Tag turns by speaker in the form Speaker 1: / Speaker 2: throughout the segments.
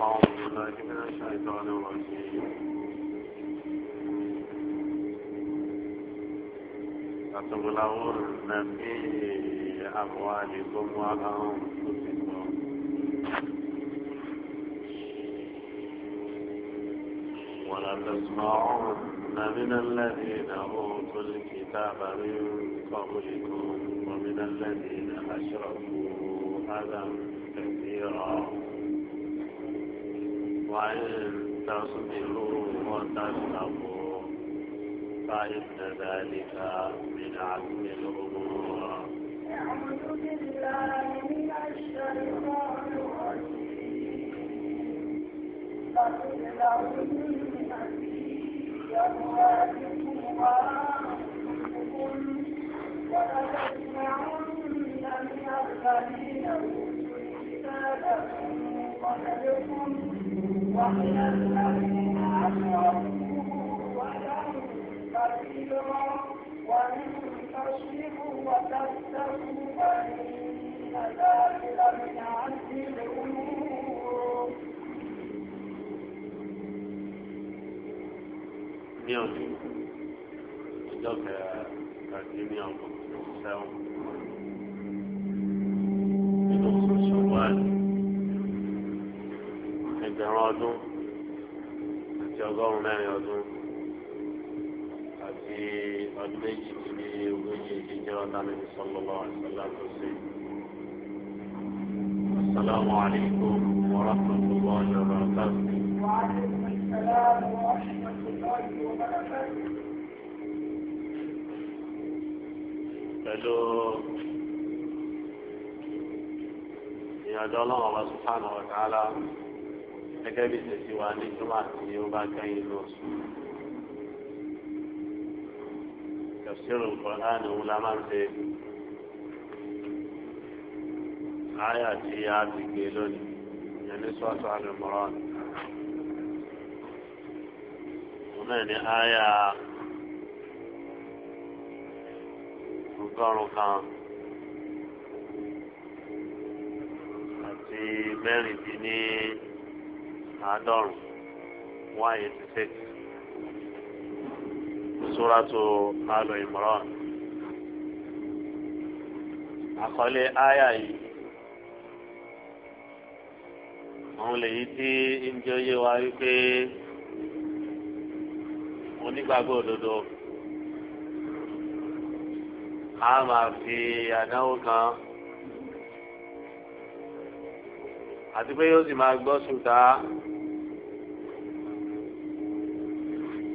Speaker 1: أعوذ الشيطان الرجيم أتبلغون
Speaker 2: في أموالكم وأنفسكم
Speaker 1: ولا تسمعن من الذين
Speaker 2: أوتوا الكتاب من قبلكم ومن الذين أشركوا أذى كثيرا وعلم تصبروا وتتقوا فإن ذلك من عزم الأمور
Speaker 1: أعوذ بالله من الشيطان الرجيم فقل لهم أموالكم وأنفسكم ولتسمعن من الذين أوتوا الكتاب من قبلكم ní
Speaker 2: òní ìjọba ẹ̀ka kìíní ọkọ̀ tó sẹ́wọ̀n. ọdún àti ọgọ́rùn-ún mẹ́rin ọdún àti ọdún méjì tí ní ogójì ìjẹ́ ọ̀tá mi
Speaker 1: sallallahu alaihi wasallam tó ṣe. Assalamu alaikum wa rahmatullahi wa barakatuh. Pẹ̀lú ìyàjọ́ ọlọ́run subhanahu
Speaker 2: wa ta'ala gẹ́gẹ́ bí ìṣẹ̀sí wa ní jùmọ̀ àti ó bá kẹ́yìn lọ sùn. tafsirul Qur'an òun la máa ń ṣe àyà tí a ti gbé lónìí ìyẹn ní sọ́ọ̀tù Al-Imran òun náà ní àyà ọgọ́rùn kan
Speaker 1: àti mẹ́rin dín
Speaker 2: ní àádọ́rùn one eighty six suratu alo imran àkọlé aya yìí òun lèyí tí ìjọ yé wa wípé onígbàgbọ́ òdodo a máa fi àdánwò kan àti pé yóò sì máa gbọ́ sùn tá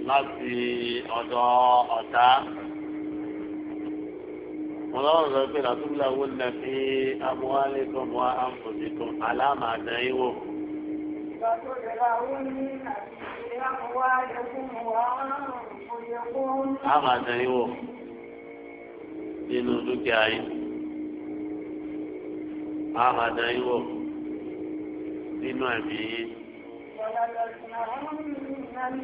Speaker 2: láti ọ̀dọ̀ ọ̀tá. mo lọ́wọ́ sọ pé làtúbílà owó nà fi amúhálé tó mọ àǹfọ̀sí tó àlámà àdán yín wò. àmà àdán yín wò nínú dúkìá yín. àmà àdán yín wò nínú ẹ̀mí yín. من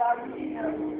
Speaker 2: الذين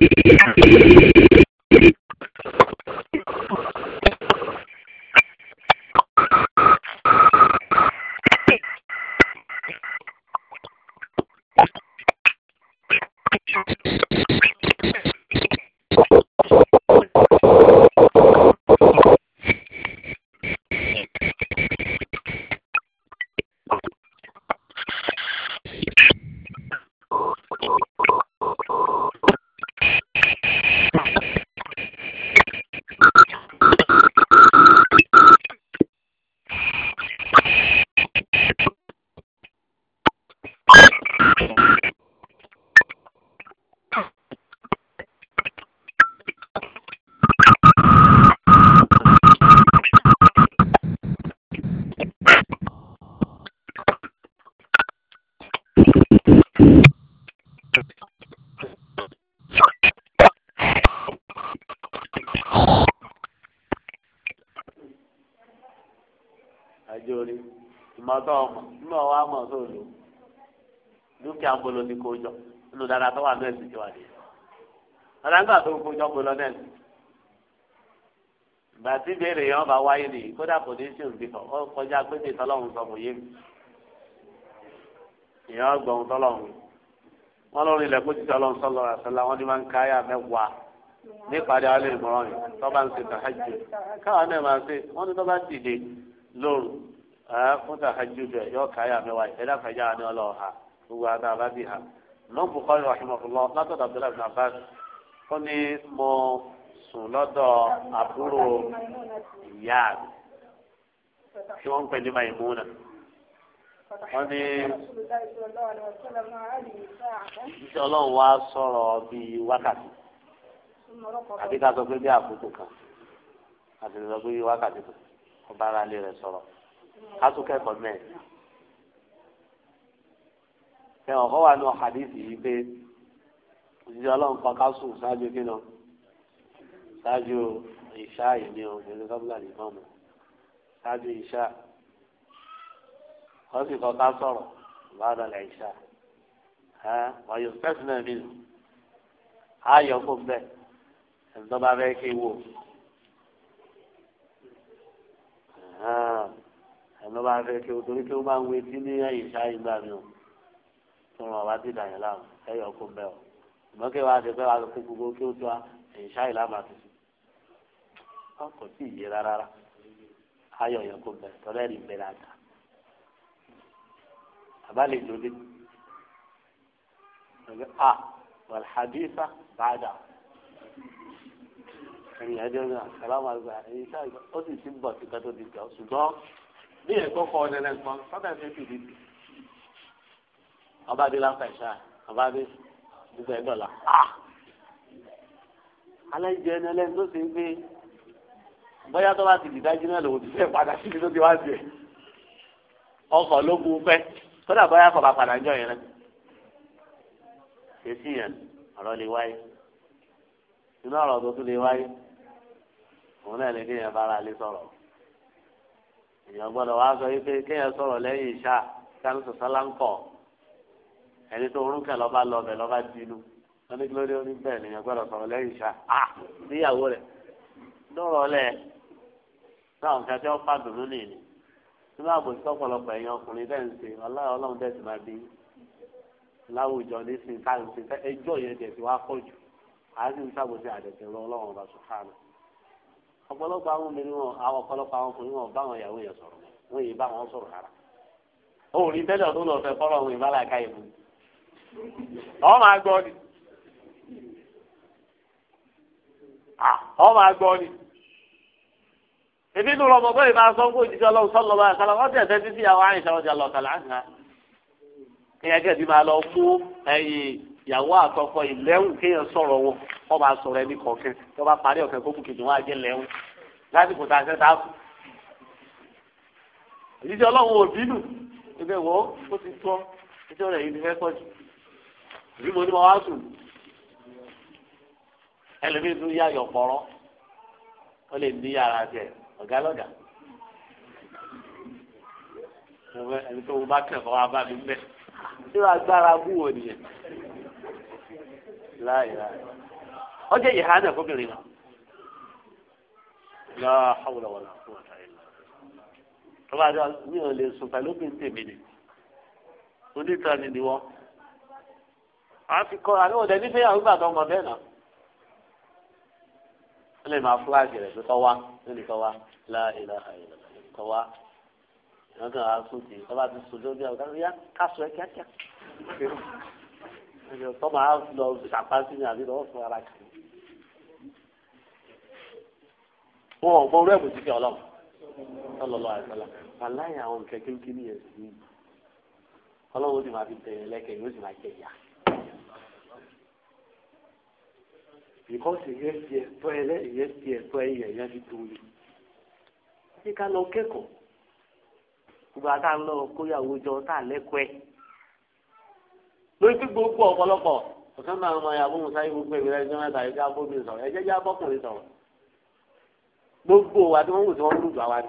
Speaker 1: Yeah.
Speaker 2: tó gbójọ́ gbóná náà ni ìgbà tí ìbéèrè yẹn bá wáyé nìyí kódà kò ní sí òbí kan ó kọjá pé ní tọ́lọ́hún sọ kò yé mi ìyẹn gbọ̀hún tọ́lọ́hún wọn lórí ilẹ̀ kó títí ọlọ́run sọ́lọ́ àṣẹlá wọn ni máa ń káyà mẹ́wàá nípàdé alẹ́ ìmọ̀ràn yìí tọ́ba ń ṣe tàhájú káwọn náà máa ṣe wọn ní tọ́ba dìde lóru fún tàhájú bẹ̀ yọ káyà mẹ́wàá ẹ̀dá kàjá ni ọlọ́ọ̀ha gbogbo àtàbàbí ha lọ́nbùkọ́ ìrọ̀ṣùmọ̀fọ̀lọ́ látọ̀dọ̀ ó ní mo sùn lọ́dọ̀ àbúrò ìyá mi tí wọ́n ń pè ní Maimuna wọ́n ní iṣẹ́ ọlọ́run wá sọ̀rọ̀ bíi wákàtí
Speaker 1: àbí ká sọ pé bí
Speaker 2: àkókò kan àti sọ pé bíi wákàtí kan ọba ara lè rẹ̀ sọ̀rọ̀ ká tún kẹ́kọ̀ọ́ mẹ́rin. ẹ̀hàn kọ́ ní ọ̀hádìsì yìí pé òṣìṣẹ́ ọlọ́run kan ká sùn ṣáájú kí lọ ṣáájú ìṣá ìní obìnrin kọ́bílà nìkan mọ̀ ṣáájú ìṣá wọ́n sì kọ́ ká sọ̀rọ̀ ìbáradà lẹ̀ ìṣá wọ́n yóò fẹ́sì náà nù ayọ̀ kó bẹ́ẹ̀ ẹ̀ńtọ́ bá kí wò ẹ̀ńtọ́ bá kí wò torí kí wọ́n máa ń wetí ní ìṣá ìgbà mi ò tó ràn wá sí ìdàyẹ̀ láwọn ẹ̀yọ̀ kó bẹ́ẹ̀ o ṣùgbọ́n kí wàá ṣe pé wàá kó gbogbo kí ó tó a ìṣá ìlànà àtúntò wọn kò tí ì yé rárá ayọ̀ yẹn kò bẹ̀rẹ̀ tọ́lẹ̀ rí bẹ̀rẹ̀ àtà àbálẹ̀jọ dé ẹgbẹ́ a wàlhàdífà bàdà ẹ̀yìn ẹ̀dẹ́ ọ̀gá sàlámà gba ẹ̀yìn sáà ó sì ti ń bọ̀ síta tó di gbà ṣùgbọ́n bí ẹ̀kọ́ kọ́ ọ̀dẹ̀lẹ̀ nǹkan sọ́kà ṣe ti di ọba adé láǹfà ìṣá ọba adé gbogbo ẹ̀ dọ̀là ha ah! aláìjẹ ẹni ẹlẹ́ni tó ṣe é pé bóyá tó bá ti dìdájú náà lòun ti fẹ́ padà síbi tó ti wá sí ẹ ọkọ̀ ló bu fẹ́ kódà bóyá kọ̀ bá padà jọ yẹn rẹ èsì yẹn ọ̀rọ̀ lè wáyé inú ọ̀rọ̀ tó tún lè wáyé òun náà lè kéèyàn bára lé sọ̀rọ̀ èèyàn gbọ́dọ̀ wá sọ yìí pé kéèyàn sọ̀rọ̀ lẹ́yìn ìṣá kánú sọ̀sálá ń kọ̀ ẹni tó orúkẹ lọba lọbẹ lọba dínú wọn ní kí orí bẹ́ẹ̀ nìyẹn gbọ́dọ̀ sọ̀rọ̀ lẹ́yìn ìṣá a ah! níyàwó rẹ lọrọ lẹ láwọn kan tí wọn fà nìyí tí wọn àbòsí ọ̀pọ̀lọpọ̀ ẹ̀yin ọkùnrin bẹ́ẹ̀ ń ṣe ọlọ́run ọlọ́run bẹ́ẹ̀ máa bí láwùjọ nísìnyí ká ń ṣe ẹjọ́ yẹn jẹ ti wá pọ̀ jù àti ń sábòsí àdẹsẹ lọ ọlọ́run ọba sùhánù ọ̀pọ̀lọpọ̀ àwọn obìnrin wọn àwọn ọ̀pọ̀lọpọ̀ àwọn ọkùnrin wọn báwọn ìyàwó yẹn sọ̀rọ̀ wọn yìí báwọn sọ̀rọ̀ rárá òòrì tẹ́lẹ̀ ọdún lọ fẹ́ fọ́rọ̀ òun ìbálàkà ìbùn ọ máa gbọ́ ni ọ máa gbọ́ ni ebi nu lọmọ bẹ́ẹ̀ máa sọ fún ìdíjọ́ lọ́wọ́ sọ́lọ́ bá àkàlà wọ́n tẹ̀ tẹ́tí sí àwọn àyìnṣẹ́ ọjà lọ́kàlà àná kéèyàn kẹ́ẹ̀dì máa lọ mú ẹ̀yìn ìyàwó àtọkọ ìlẹ́wù kéèyàn sọ̀rọ̀ wọn kọ́ máa sọ̀rọ̀ ẹni kọ̀ọ̀kan tó bá parí ọ̀kan kó bùkìtì wọn á lẹ́wù lásìkò tá a ṣe tá a kù. ìdíjọ́ ọlọ́run ò bínú ó ti tọ́ ìjọ rẹ̀ yìí ti fẹ́ pọ̀ jù bí mo ní mo wá sùn ẹlòmíì tún yá ayọ̀ pọ̀rọ́ ó lè ní yàrá tẹ ọ̀gá lọ́gà ẹni tó bá kẹ́kọ̀ọ́ wa bá mi mẹ́
Speaker 1: ṣé wàá gbára bú wò nìyẹn láì láì ọjọ́ yìí hánà
Speaker 2: fọ́bìnrin náà la hawla wala quwwata illa billah tó bá dé mi ò lè sùn pẹ̀lú mi ń tèmi ni ni wọ́n àá fi kọ́ra ní òde nífẹ̀ẹ́ yàrá ìgbà tó mọ̀ bẹ́ẹ̀ náà ó lè máa fúláàgì rẹ̀ tó tọ́ wá lórí tọ́ wá láìlà àìlà tọ́ wá ìwọ́n kan àá sùn tì í tọ́ba ti sùn lórí àwọn káfíńyà kásù ẹ kíákíá tọ́ máa lọ sàpásí ni àbí lọ́wọ́ fún ara kìí wọn ò gbọ́ rẹ́ẹ̀bù sí kí ọlọ́run
Speaker 1: sọlọ́lọ́ àìsọ́lá aláìyá
Speaker 2: àwọn kẹ̀kẹ́ kí ni ẹ̀sìn yìí ọlọ́run ó sì máa fi tẹ̀yẹ̀ lẹ́kẹ̀ẹ́ yóò sì máa jẹ ìyá. because ìyẹn ti ẹ̀tọ́ ẹ lẹ́ ìyẹn ti ẹ̀tọ́ ẹ yẹn yẹn ti tó yẹ. ṣé ká lọ kẹ́kọ̀ọ́ gbogbo àtà ń lọ kóyàwó jọ tá a lẹ́kọ̀ọ́ ẹ̀. lórí tí gbogbo ọ̀pọ̀lọpọ̀ ọ̀sán náà ọmọ ìyàwó musa yìí gbogbo ìbílẹ̀ ẹjọ́ mẹ́ta ẹjọ́ abóbi sọ̀rọ̀ ẹjẹ́ jẹ́ abọ́kùnrin sọ̀rọ̀ gbogbo wa tí wọ́n wù tí wọ́n lù wá ni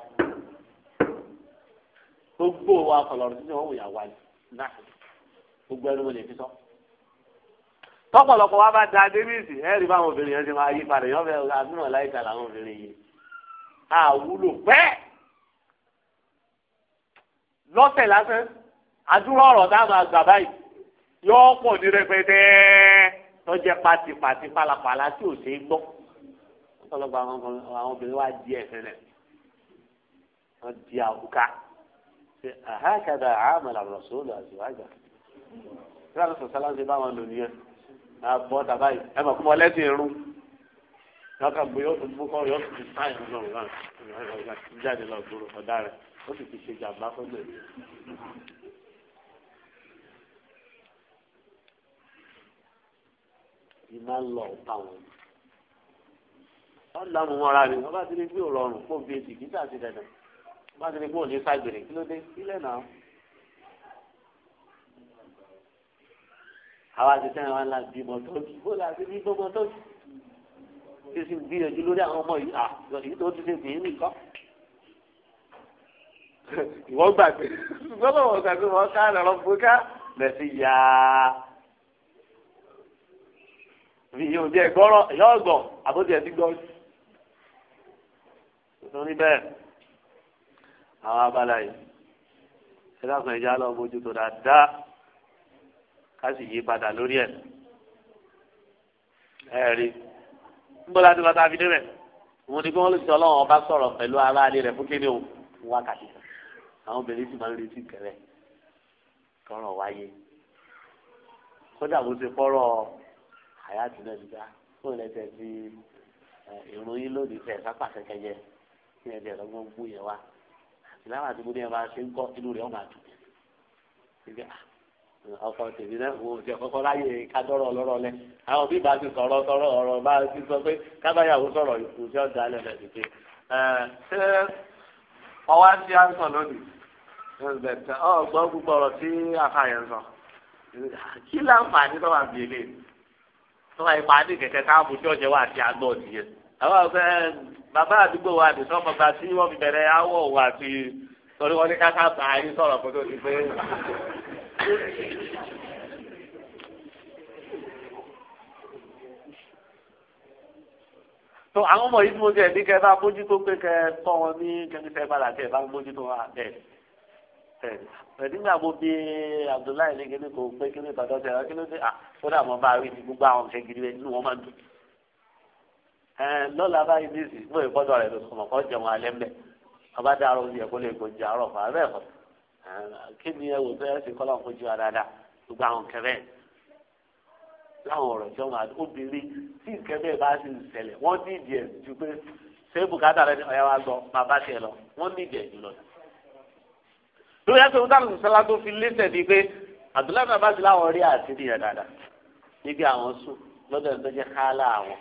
Speaker 2: gbogbo wa kọ̀lọ̀rọ̀ tí wọ́n wù yà wá ni náà gbogbo ẹnu mo lè fi sọ́ọ́ tọ́pọ̀lọpọ̀ wa bá da débìsì ẹ rí báwọn obìnrin yẹn ti máa yí padà yọ bẹ́ẹ̀ àbúrò láìka làwọn obìnrin yìí àwúlò pẹ́ lọ́sẹ̀ lásán àdúrà ọ̀rọ̀ tá a máa gbà báyìí yọ pọ̀ ní rẹpẹtẹ tọ́jẹ́ pátipàti pàlàpàlà tí ò ṣeé gbọ́ ọ̀pọ̀lọpọ̀ àwọn obìnrin wa di ẹ̀sẹ̀ rẹ̀ wọ́n di àwùká ṣe àhákàdà àmàlà rọ̀ sóòlù àti wájà. Ṣé àlọ́ sọ̀sálà ń ṣe báwọn lò nìyẹn? àbọ̀ tàbá yìí ẹ mọ̀ fún ọ lẹ́sìn irun lọ́kà gbé yóò tún búkọ́ yóò tún sáyẹn lọ́rùn náà jáde lọ gbòòrò ọ̀dà rẹ̀ ó sì ti ṣe jàmbá fún mi. ìmọ̀ ń lọ ọ̀pá wọn wọ́n lámú mọ́ra rẹ̀ wọ́n bá ti ní pé òrọ̀rùn kó bíi tìkítà ti dẹ̀dẹ̀ wọ́n bá ti ní pé òní ságbèrè kí ló dé sílẹ̀ náà. àwa ti sẹ́yìn wa la bímọ tọ́jú ó là ti bímọ ọmọ tọ́jú kí sì ń gbìyànjú lórí àwọn ọmọ yìí àyè tó ti ṣe bìín nìkan. ìwọ́n gbà pé gbọ́dọ̀ wọ̀ gbà pé wọ́n ká lọ́rọ́ fúnká lẹ́sí yá. mi yóò jẹ́ gbọ́rọ̀ yóò gbọ̀ àbójú ẹ̀ ti gbọ́. nítorí bẹ́ẹ̀ àwọn abala yìí ẹ dákun ẹ̀já lọ bójú tó dáadáa ká sì padà lórí ẹ rí níbo láti lọ tàbí débẹ̀ òun ni kí wọ́n lè sọ ọlọ́run ọba sọ̀rọ̀ pẹ̀lú ara alẹ́ rẹ̀ fún o wákàtí àwọn obìnrin sì máa ń retí kẹrẹ kọrọ wáyé kódà bó ṣe fọ́rọ̀ àyàtì náà nígbà fún ìlẹ́tẹ̀ ti ìròyìn lónìí tẹ̀ sápà kẹkẹyẹ ní ẹ̀dẹ̀ lọ́gbọ́n gbó yẹn àti láwọn àti gbóni ẹ̀ ṣe ń kọ́ inú rẹ̀ ọ̀ máa dùn ọkọ tèmi náà wo ti ọkọkọ láyè kádọrọ ọlọ́rọ̀ lẹ àwọn bí bá ti sọ̀rọ̀ sọ̀rọ̀ ọ̀rọ̀ bá ti sọ pé kábàyàwó sọ̀rọ̀ ìkù tí ọjà alẹ rẹ dìde. ṣé ọwọ́ ti à ń sọ lónìí ọ gbọ́ gbogbo ọ̀rọ̀ tí afa yẹn sọ kí láǹfààní tó wà bí ilé tó wà ìpàdé kẹ̀kẹ́ káàbù tí ọjà wà àti àgbọ̀ nìyẹn. àwọn ọ̀fẹ́ bàbá àdúgbò wa àdìsọ́ fọgbà tí wọ́n fi bẹ̀rẹ̀ áwọ̀ wà àti torí wọn ní káká tó àwọn ọmọ yìí tí mo ti ẹ̀dí kẹfà mójútó pé kẹ kọ́ wọn ní kẹ́míkẹ́ padà tẹ̀ bá mójútó wa bẹ́ẹ̀ bẹ́ẹ̀ nígbà mo bí Abdullahi ní kíní kò pé kíní tọ́jọ́ tẹ̀ ọ́ kíní tẹ̀ ah, à kódà mo bá rí ní gbogbo àwọn ọ̀sẹ̀ gidi rẹ̀ nínú wọn máa ń dùn. lọ́la báyìí ní ìsìn mọ́ ìkọ́jọ́ rẹ̀ lọ́sọ̀mọ̀ kọ́ jẹun alẹ́ mbẹ́ ọba dàrú oúnjẹ kó lè gbòǹjẹ àárọ̀ fà á bẹ́ẹ̀ kí ni ẹwò tó yẹ sí kọ́lá fún ju àdáadáa gbogbo àwọn kẹfẹ́ láwọn ọ̀rọ̀ tí wọ́n máa obìnrin tí kẹfẹ́ bá sì ń ṣẹlẹ̀ wọ́n ní ìdí ẹ̀ ju pé ṣé bùkátà rẹ ni ọ̀yà wa gbọ́ bàbá tiẹ̀ lọ wọ́n ní ìdí ẹ̀ jùlọ. lórí ẹsẹ̀ wọn táwọn sọlá tó fi lẹ́sẹ̀ ni pé àdúrà náà bá ti láwọn rí àti nìyẹn dáadáa níbi àwọn sùn lọ́dọ̀ tó jẹ́ kálá àwọn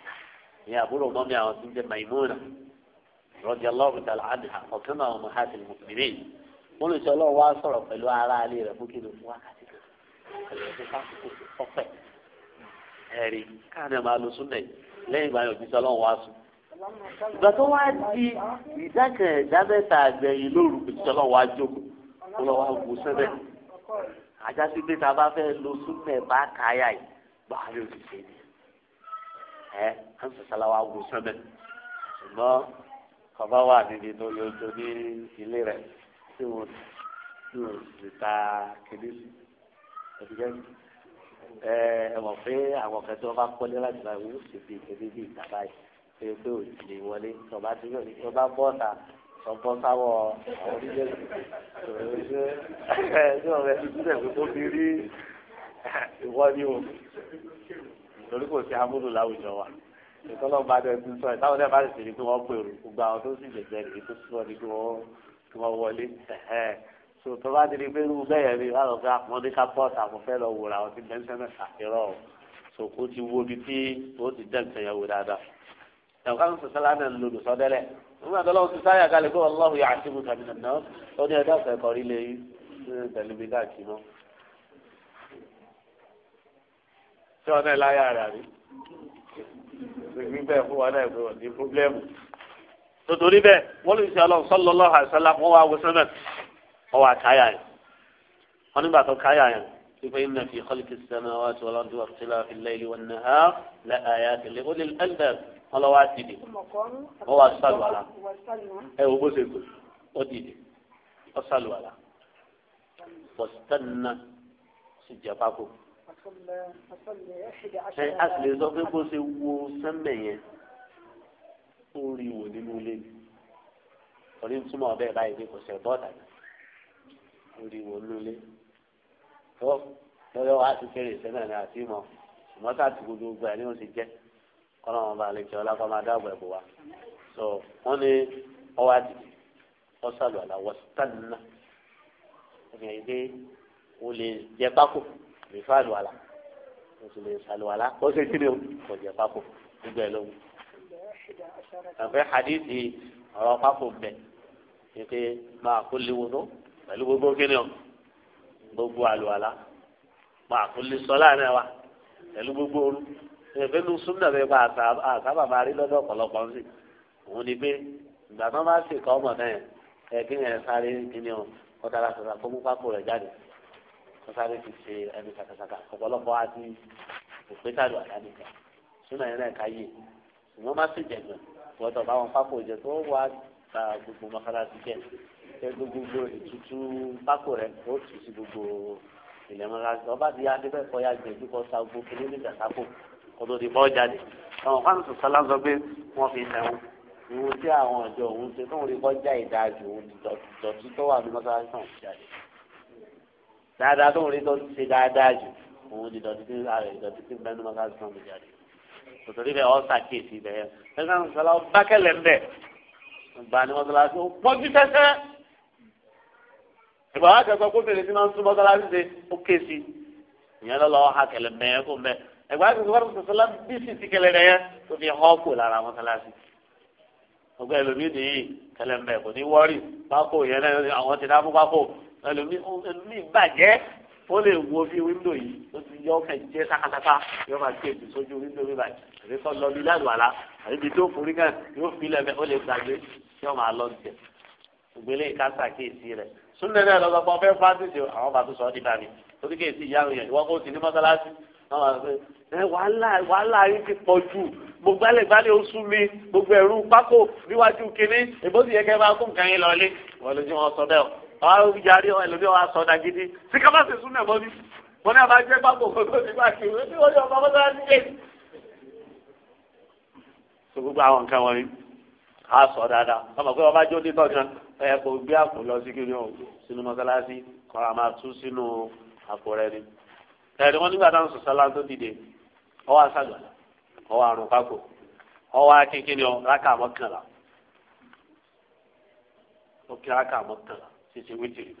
Speaker 2: ìyá àbúrò mọ́mí àwọn tó jẹ́ Maimuna radiyallahu ta'ala anha ọ̀kan náà mọ̀ wọn lè sọ ọlọ́run wá sọ̀rọ̀ pẹ̀lú ara alẹ́ rẹ̀ fún kí ló fún wákàtí kan ọpẹ́ ẹ̀rí káàní ẹ̀ máa lo súnlẹ̀ lẹ́yìn ìgbà yẹn òjíṣẹ́ ọlọ́run wá sùn.
Speaker 1: ìgbà tó wá di
Speaker 2: ìdákẹ́ ìdábẹ́ta àgbẹ̀yìn lóru òjíṣẹ́ ọlọ́run wá jókòó ó lọ́ wá wò sẹ́bẹ̀. àjásí pé tá a bá fẹ́ lo súnlẹ̀ bá káyà yìí gbà á lè òjíṣẹ́ ni. ẹ káńsà sálá wá wò sẹ́bẹ̀ ṣùgbọ́n kọ́bá wà níbi tó yọjọ ní ilé rẹ̀ tí wọn tí wọn sì ta kéde sí ẹgbẹ́ ẹ ẹ mọ̀ pé àwọn kẹtẹ wọn bá kọ́lé láti báyìí wọn sì fi kéde bí ìta báyìí pé pé ò lè wọlé tọba tí yóò ní kí wọn bá bọ́ ọ̀tà ọ̀bọ sáwọ àwọn oníjẹ́sì ṣe ẹ ṣé ọ̀rẹ́ ìdílé kò tó fi rí
Speaker 1: ìwọ ni o torí kò sí
Speaker 2: amúlò láwùjọ wa ìtọ́lọ́ba dẹ̀ ti ẹ̀ táwọn ẹ̀ bá sì ṣe ni pé wọ́n gbèrò gbogbo àwọn tó sì lè jẹ́ ìdí tó sọ ni pé wọ́n tí wọ́n wọlé so tó bá dirí pé irú bẹ́ẹ̀ ni wọ́n lọ fẹ́ àpọ́nlé ká pọ̀ sàfọ́fẹ́ lọ wòrà àwọn tí bẹ́ńsẹ̀ náà o so kó ti wo ibi tí ó ti dẹ́ nǹkan yẹn wò dáadáa ẹ̀ka ń sọ̀tẹ́ lánàá lòdù sọ́dẹ́lẹ̀ nígbà tó lọ́wọ́ ti sáyà kalẹ̀ pé ọlọ́hu yà á ti mú kàmínà náà ó ní ẹ̀dá ọ̀sẹ̀ kọrí lé pẹ̀lú bí káàkiri mọ́. ṣé ọ̀nà ìláyà rẹ̀ àrí? ṣègbín bẹ́ẹ̀ fún wa náà nítorí bẹ́ẹ̀ wọ́n lè ṣe ọlọ́run sallallahu alaihi wasallam wọ́n wá wọ́sán náà wọ́n wá káyà yẹn wọ́n nígbà tó káyà yẹn wípé inna fi khalqi samawati wal ardi wa ikhtilafi al-layli wan nahari la ayatin li ulil albab wọ́n lọ wá dìde wọ́n wá sàlùwàlà ẹ wo bó ṣe gbò ó dìde ó sàlùwàlà bọ̀sítánná sì jẹ́ pákó. ẹ á sì bó ṣe wo sẹ́mẹ̀ yẹn tún rí wò nínú ilé mi torí ń túmọ̀ bẹ́ẹ̀ báyìí pé kò sẹ̀ bọ́ dàgbà ó rí wò nínú ilé tó lọ́yọ́ wa ti kéré sẹ́nà ní àti mọ̀ ṣùgbọ́n tá gbogbo ẹ̀ ní o ti jẹ́ kọ́nà wọn bá lè jẹ́ ọlápá máa dáàbò ẹ̀ bò wá so wọ́n ní ọwọ́ àdìdì ọ̀sàlù àlàwọ̀ sítánná ẹ̀yìn ìdè o lè jẹ pákó lè fà lù o sì lè sàlù àlà ó ṣe kí ni o kò jẹ pákó gbígbẹ́ lóhùn àfẹ́ hadithi ọ̀rọ̀ pápò bẹ̀ pé máa kó léwu tó pẹ̀lú gbogbo kíni o gbogbo àlùwàlá máa kó lé sọ láàrin wa pẹ̀lú gbogbo ooru ẹ̀fẹ́ nu súnmọ́ bẹ́ẹ̀ bá àsábà máa rí lọ́dọ̀ ọ̀pọ̀lọpọ̀ sí òun ni pé ìgbà tó máa ṣe kọ́ ọmọ náà ẹ̀ kí yẹn sáré kíni o kọ́ dára sọ̀rọ̀ kó mú jáde kó sáré ṣe ẹni sàkàsàkà ọ̀pọ̀lọpọ̀ á ti òpétàlù àdánìkan súnmọ́ yẹn náà ká yé ìwọ́n má sì jẹ̀gbọ́n gbọ́dọ̀ bá wọn pápó jẹ tó wà ta gbogbo mọ́kálásí jẹ ṣe gbogbo ìtutù pápó rẹ ó tù sí gbogbo ilẹ̀ mọ́kálásí ọba ti yá adébẹ̀ kọ́ ya gbẹ̀jú kọ́ sa gbogbo kìlí ní ìdàsápò kọ́tó ti bọ́ jáde àwọn kan tó sọlá sọ pé wọ́n fi tẹ̀wọ́n ìwọ tí àwọn ọ̀dọ́ òun ṣe tóun rí kọjá ìdájọ́ òun dọ̀tí tó wà ní mọ́kálásí náà jáde dáadáa tóun rí tó ṣe dáadáa jù òun di dọ̀tí tí ara ìdọ̀tí tí bẹ́ẹ̀ ní mọ́kálásí náà jáde tòtòrí bẹ́ẹ̀ ọ́n ṣàkíyèsí bẹ́ẹ̀ ẹ̀ka ń sọ̀rọ̀ bákẹ́lẹ̀ ń bẹ̀ ìgbà ni mọ́sálásí ó pọ́jú tẹ́tẹ́ ìgbà wa kẹ́kọ̀ọ́ kó fèrè sí máa ń tún mọ́sálásí ṣe ó ké sí ìyẹn lọ́lọ́ ha kẹlẹ̀ mẹ́ẹ̀ kó mẹ́ ìgbà wa kẹ́kọ̀ọ́ kó sọ̀sọ́lá bí sì ti kẹlẹ̀ rẹ̀ yẹn tó fi hàn kó lára mọ́sálásí ọgbẹ́ ẹlòmíì nìyí ó lè wo bí wíńdò yìí ó ti yọ ọkẹ jẹ sákàtàkà yóò máa gbé èdè sójú wíńdò mi báyìí àbí kọ́ lọ bí lánàá la àbí ibi tó forí kan yóò fi lẹ́mẹ̀ ó lè gbàgbé yóò máa lọ jẹ ògbélé ìkásá kéèsì rẹ súnlẹ̀ náà lọ́sọ̀ pọ̀ fẹ́ fásitì àwọn bàtú sọ ọ́ di bàmí torí kéèsì ìyáwó yẹn ìwọ́n kò sí ní mọ́sálásí wàhálà yìí ti pọ̀ jù gbogbo alẹ́gbálẹ̀ oṣù mi gbogbo ẹ̀rú pákó níwájú kínní ìbòsí yẹ kẹ́ máa kó nǹkan yín lọ ilé wọ́n lójú wọn sọ bẹ́ẹ̀ o àwọn ìyàrí ẹlòmí wa sọ ọ̀dà gidi tí kábà sì sún ẹ̀mọ́ ni wọ́n ní àbájẹ́ gbàgbọ́ kótó nígbà kí wọ́n ní wọ́n ní ọba mọ́tò láti dé. so gbogbo àwọn nǹkan wọ̀nyí a sọ dáadáa ọmọ pé ọba jó ní tọ́kan ẹ kò gbé àpò lọ sí kiri o sínú mọ́sálásí kọ́ a máa tú sínú àpò rẹ ni. wọn nígbà táwọn sọ̀sálá tó dìde ọwọ́ àṣàgbàlá ọwọ́ àrùn pákó ọwọ́ akékeré ọ rákà mọ́kànlá ó kí rákà mọ́kànlá ṣíṣe wítìrì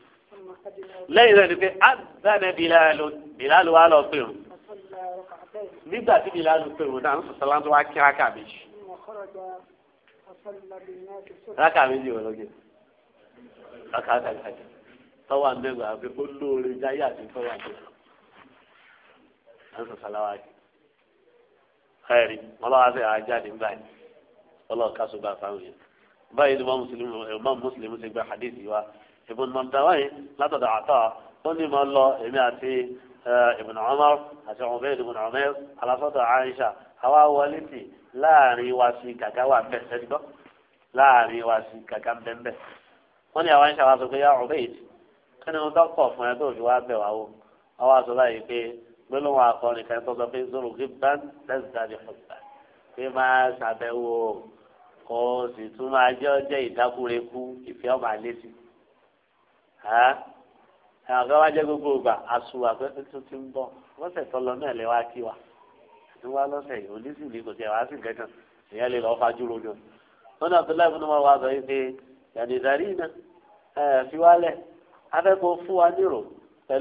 Speaker 2: lẹ́yìn rẹ̀ ni pé azana bilalu bilalu wa lọ pèrò nígbà tí bilalu pèrò náà ń sọ̀tọ̀ láti wá kí rákà méjì rákà méjì wọ̀ lọ́gẹ̀ rákà rákà tọ́wà mẹ́gbà pé ó lóore jáyé àti tọ́wà mẹ́gbà ń sọ̀tọ̀ láwa kí ẹ̀rí ọlọ́wà fẹ́ àjáde ńgbà yìí ọlọ́ọ̀ká sọ bá fáwọn yẹn báyìí ni wọ́n mùsùlùmí ṣe gba hadith yìí wá ibùdó mọ̀tàwáyé látọ̀dọ̀ àtà ó ní mo lọ èmi àti ibn Umar àti Ubayd ibn Umair alásọ̀tọ̀ Aisha àwa wọlé tì láàrin wa sí kàkà wà bẹ́ẹ̀ sẹ́ni gbọ́ láàrin wa sí kàkà bẹ́ẹ̀
Speaker 3: wọ́n ní àwọn Aisha wa
Speaker 2: sọ pé yá Ubayd kí ni mo dọ́kọ̀ fún ẹ tó fi wá bẹ̀ wá wò àwa sọ báyìí pé gbólóhùn akọni kan tó sọ pé zoro gíban lẹ́sítàdì fọ̀tà pé máa ṣàbẹ̀wò kó sì tún máa jẹ́ ọjọ́ ìdákúrekú ìfẹ́ ọ̀bà lẹ́sìn. àwọn kan gbogbo ògbà àsùnwà pé ụtụtụ ti ń bọ̀ lọ́sẹ̀ tọ́lọ náà wá kí wa tó wá lọ́sẹ̀ yìí onísìlì kò tiẹ̀ wá sí nǹkan kan èèyàn lè abdullahi fúnni wọn wá sọ yìí pé fi afẹ́kọ̀ọ́ fún wa nírò ti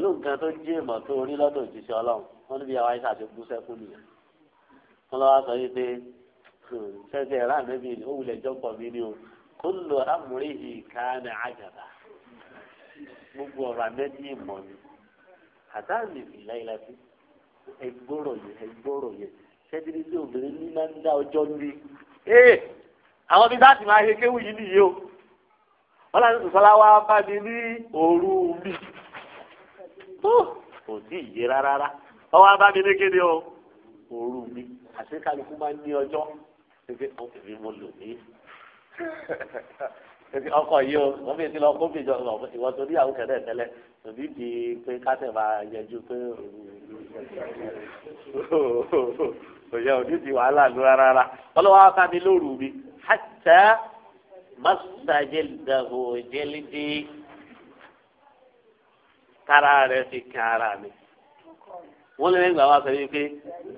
Speaker 2: wọn sọ yìí pé sẹ́sẹ̀ ó wulẹ̀ jọ́pọ̀ mi ni amúrí ìkànnì gbogbo ọ̀rọ̀ abẹ́bí ìmọ̀ ni àtàlù ìlà ìlà sí ẹgbọ́rọ̀ yẹ ẹgbọ́rọ̀ yẹ ṣẹ́dírí tí obìnrin ní máa ń dá ọjọ́ ní. ee àwọn bíi láti máa ṣe kéwù yìí nìyí o wọn láti sọ sọlá wá bá mi ní òru mi tó kò sí ìyè rárá wọn wá bá mi ní kéde o òru mi àti kálukú máa ń ní ọjọ́ ṣe pé ọkùnrin mo lò ní tẹ̀sí ọkọ̀ yìí o wọ́n fi ti lọ kó fìjọ lọ ìwọ́n torí àwọn kẹ̀lẹ́ tẹ́lẹ̀ tòbí di pé kásẹ̀ máa yẹjú pé òyà òní di wàhálà ló rárá ọlọ́wọ́ aká mi lóru mi hàtà masajẹ́lìdàgbò jẹ́lídé kára rẹ̀ fi kan ara mi wọ́n lé nígbà wá sọ yìí pé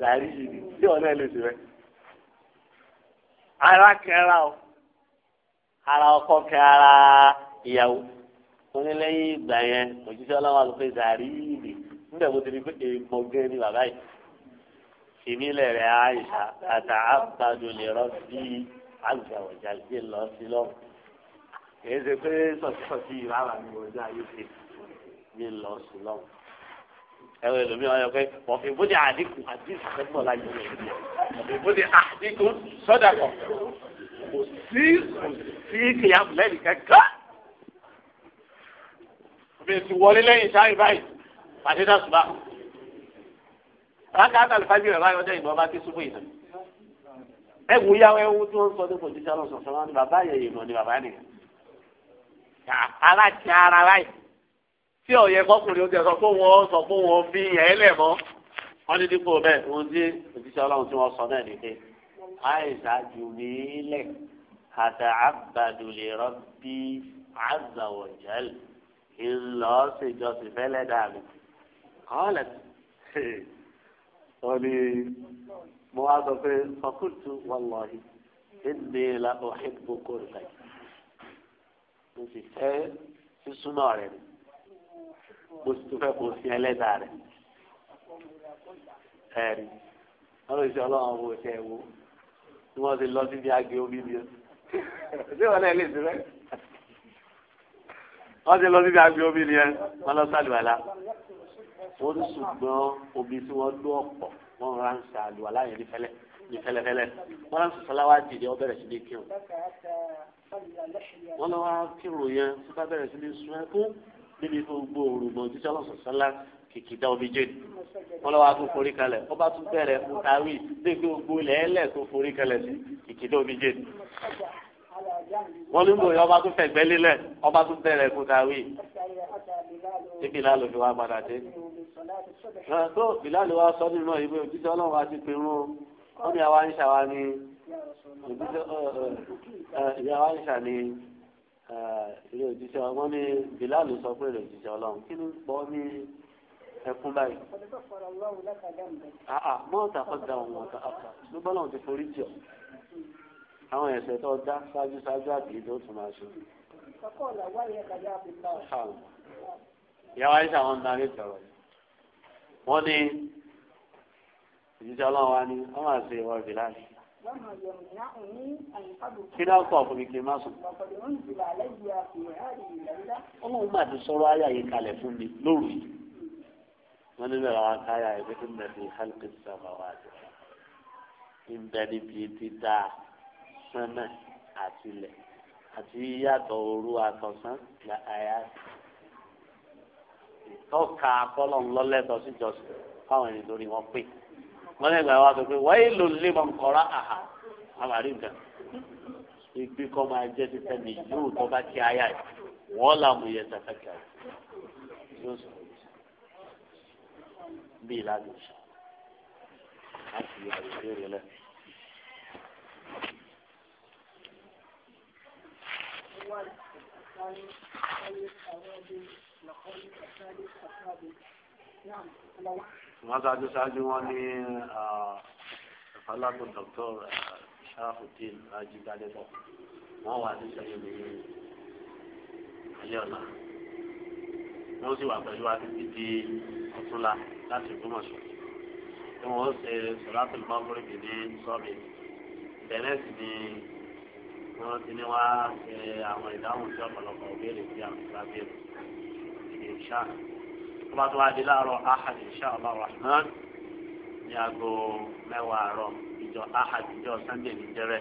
Speaker 2: gàrí yìí tí ọ̀nà ẹ̀ lè ṣe rẹ̀ ara kẹ́ra o ara ọkọ kẹ ara ìyàwó onílẹ̀yìn ìgbà yẹn òjíṣẹ́ ọlọ́wọ́ àlùfẹ́ zàrí ìlì níbẹ̀ mo ti di pé èèmọ̀ gẹ́ ni bàbá yìí ìmílẹ̀ rẹ̀ àìsà àtà àbàdù lè rọ bí àgbàwọ̀jà gbé lọ sí lọ́wọ́ kì ṣe pé sọ̀tìsọ̀tì ìrara ni mo dá yóò ṣe gbé lọ sí lọ́wọ́ ẹwọ ẹlòmí ọ yọ pé ọfìn bóde àdínkù àdínkù sẹpọ láyé rẹ ọfìn bóde àdínkù sọdà kọ kò sí kò sí kìyàmù lẹ́yìn kankan. bẹ́ẹ̀ni wọlé lẹ́yìn sáré báyìí pàdé náà ṣùgbọ́n. rákà àtàlù fájú rẹ̀ báyìí ọjọ́ ìgbọ̀n bá ti súnmọ́ ìtàn. ẹ wù yá ẹ wú tí wọ́n sọ nípa òjijì ọlọ́sọ̀ sọ́wọ́n ní bàbá yẹn ìmọ̀ ní bàbá nìyẹn. ara ti ara láì tí ọ̀yẹ́ kọkùnrin oúnjẹ sọ fún wọn sọ fún wọn bí ẹ̀ẹ́lẹ̀ mọ́ wọ́n ní dípò bẹ́ẹ̀ ohun tí òjijì ọlọ́run tí wọ́n sọ náà nìyẹn àìsà jù mí lẹ̀ àtà àbàdùlè rọ́bì àzàwọ̀jẹ́l ìlọ ṣèjọsìn fẹ́lẹ́ dàbí. kọ́lẹ̀ ó ní mo wá sọ pé fọkùtù wọlọ́ọ̀hì ìdè la òhìn gbogbo rẹ̀ mo sì fẹ́ sísúná rẹ̀
Speaker 3: mo sì tún fẹ́ kó sí ẹlẹ́dàá
Speaker 2: rẹ̀ ẹ̀rí wọ́n lè ṣe ọlọ́run wo ṣe wo tí wọ́n ti lọ síbi agé omi ni o ṣé wọn náà lè ti rẹ wọ́n ti lọ síbi agé omi ni ẹ wọ́n lọ sàlùwàlà wọ́n ní ṣùgbọ́n omi tí wọ́n lú ọ̀pọ̀ wọ́n rà ń sàlùwàlà yẹn ní fẹ́lẹ́fẹ́lẹ́ wọ́n rà ń sàlùwàlà dìde ọ bẹ̀rẹ̀ sí ní kírun
Speaker 1: wọ́n lọ wá kírun
Speaker 2: yẹn tó bá bẹ̀rẹ̀ sí ní sun ẹkún níbi gbogbo òrùmọ jíjọ lọsọsọlá kìkìdá omijé ni wọn lọ wá tún forí kalẹ̀ wọn bá tún bẹ̀rẹ̀ mutawi bí gbogbo lẹẹlẹ tó forí kalẹ̀ sí kìkìdá omijé ni
Speaker 1: wọn ní gbòòyìn ọba tún fẹ̀gbẹ́ lélẹ̀ ọba tún bẹ̀rẹ̀ mutawi tí bilal fi wá padà dé tó bilal
Speaker 2: wa sọ nínú ìwé òjijì Ọlọ́run wa ti pinnu wọn ni àwa ń ṣàwa ni ìyá wa ń ṣà ni ilé òjijì Ọlọ́run wọn ni bilal sọ pé ilé òjijì Ọlọ́run kí ló ń gbọ́ ní ẹkún báyìí. àà ah, ah, mọ́ọ̀tà kọjá òun ọ̀tà àpà ló bọ́ lọ́wọ́ ti forí jọ àwọn ẹ̀ṣẹ̀ tó dá ṣáájú ṣáájú àbíyí tó tún máa ṣe. ìyáwó ayéṣà wọn ń darí ìtọ̀rọ̀ wọn ní ìjíṣẹ́ ọlọ́run wa ni wọ́n máa ṣe ìwọ ìbílá ni. kí ló kọ̀ fún mi kí n má sùn. ọlọ́run máa ti sọ̀rọ̀ ayé àyíkalẹ̀ fún mi lóru yìí wọ́n nínú àwọn akáyà ẹgbẹ́ tó mẹ́fì hàlùkì sábà wà jù ìbẹ̀ níbi ti dá sánmẹ̀ àti ilẹ̀ àti yíyàtọ̀ òru àtọ̀sán la àyà ìtọ́ka kọ́lọ̀ ńlọ́lẹ́tọ̀ síjọsìn fáwọn ènìyàn lórí wọn pè wọ́n lẹ́gbàá wa sọ pé wáyé ló lé mọ́ nkọ́ra àhà àmàrí nǹkan ìgbé kọ́ máa jẹ́ ti mi yóò tọ́ bá kí aya yìí wọ́n làmúyẹ tàfẹ́ kí yóò sọ bí ìlànà ìṣe
Speaker 1: láti yọ àìsèrè lẹ. wọ́n ṣáájú ṣáájú wọn ní
Speaker 2: ìfọlákùn dr sharafuddin ajigbadebo wọ́n wà ní sẹ́yìn ní ayé ọ̀la wọ́n sì wà pẹ̀lú wa títí di ọ̀túnla láti gbọmọṣọ tí wọn ṣe sọláàtì mọgòrì bì ní sọbì bẹ̀rẹ̀ sì ni wọn ti ní wá ṣe àwọn ìdáhùn sí ọ̀pọ̀lọpọ̀ òbéèrè sí àwọn ìgbàgbére ìṣá tó bá tó wá di láàárọ̀ ahad ìṣá ọba rahman ní aago mẹ́wàá àárọ̀ ìjọ ahad ìjọ sunday ní jẹrẹ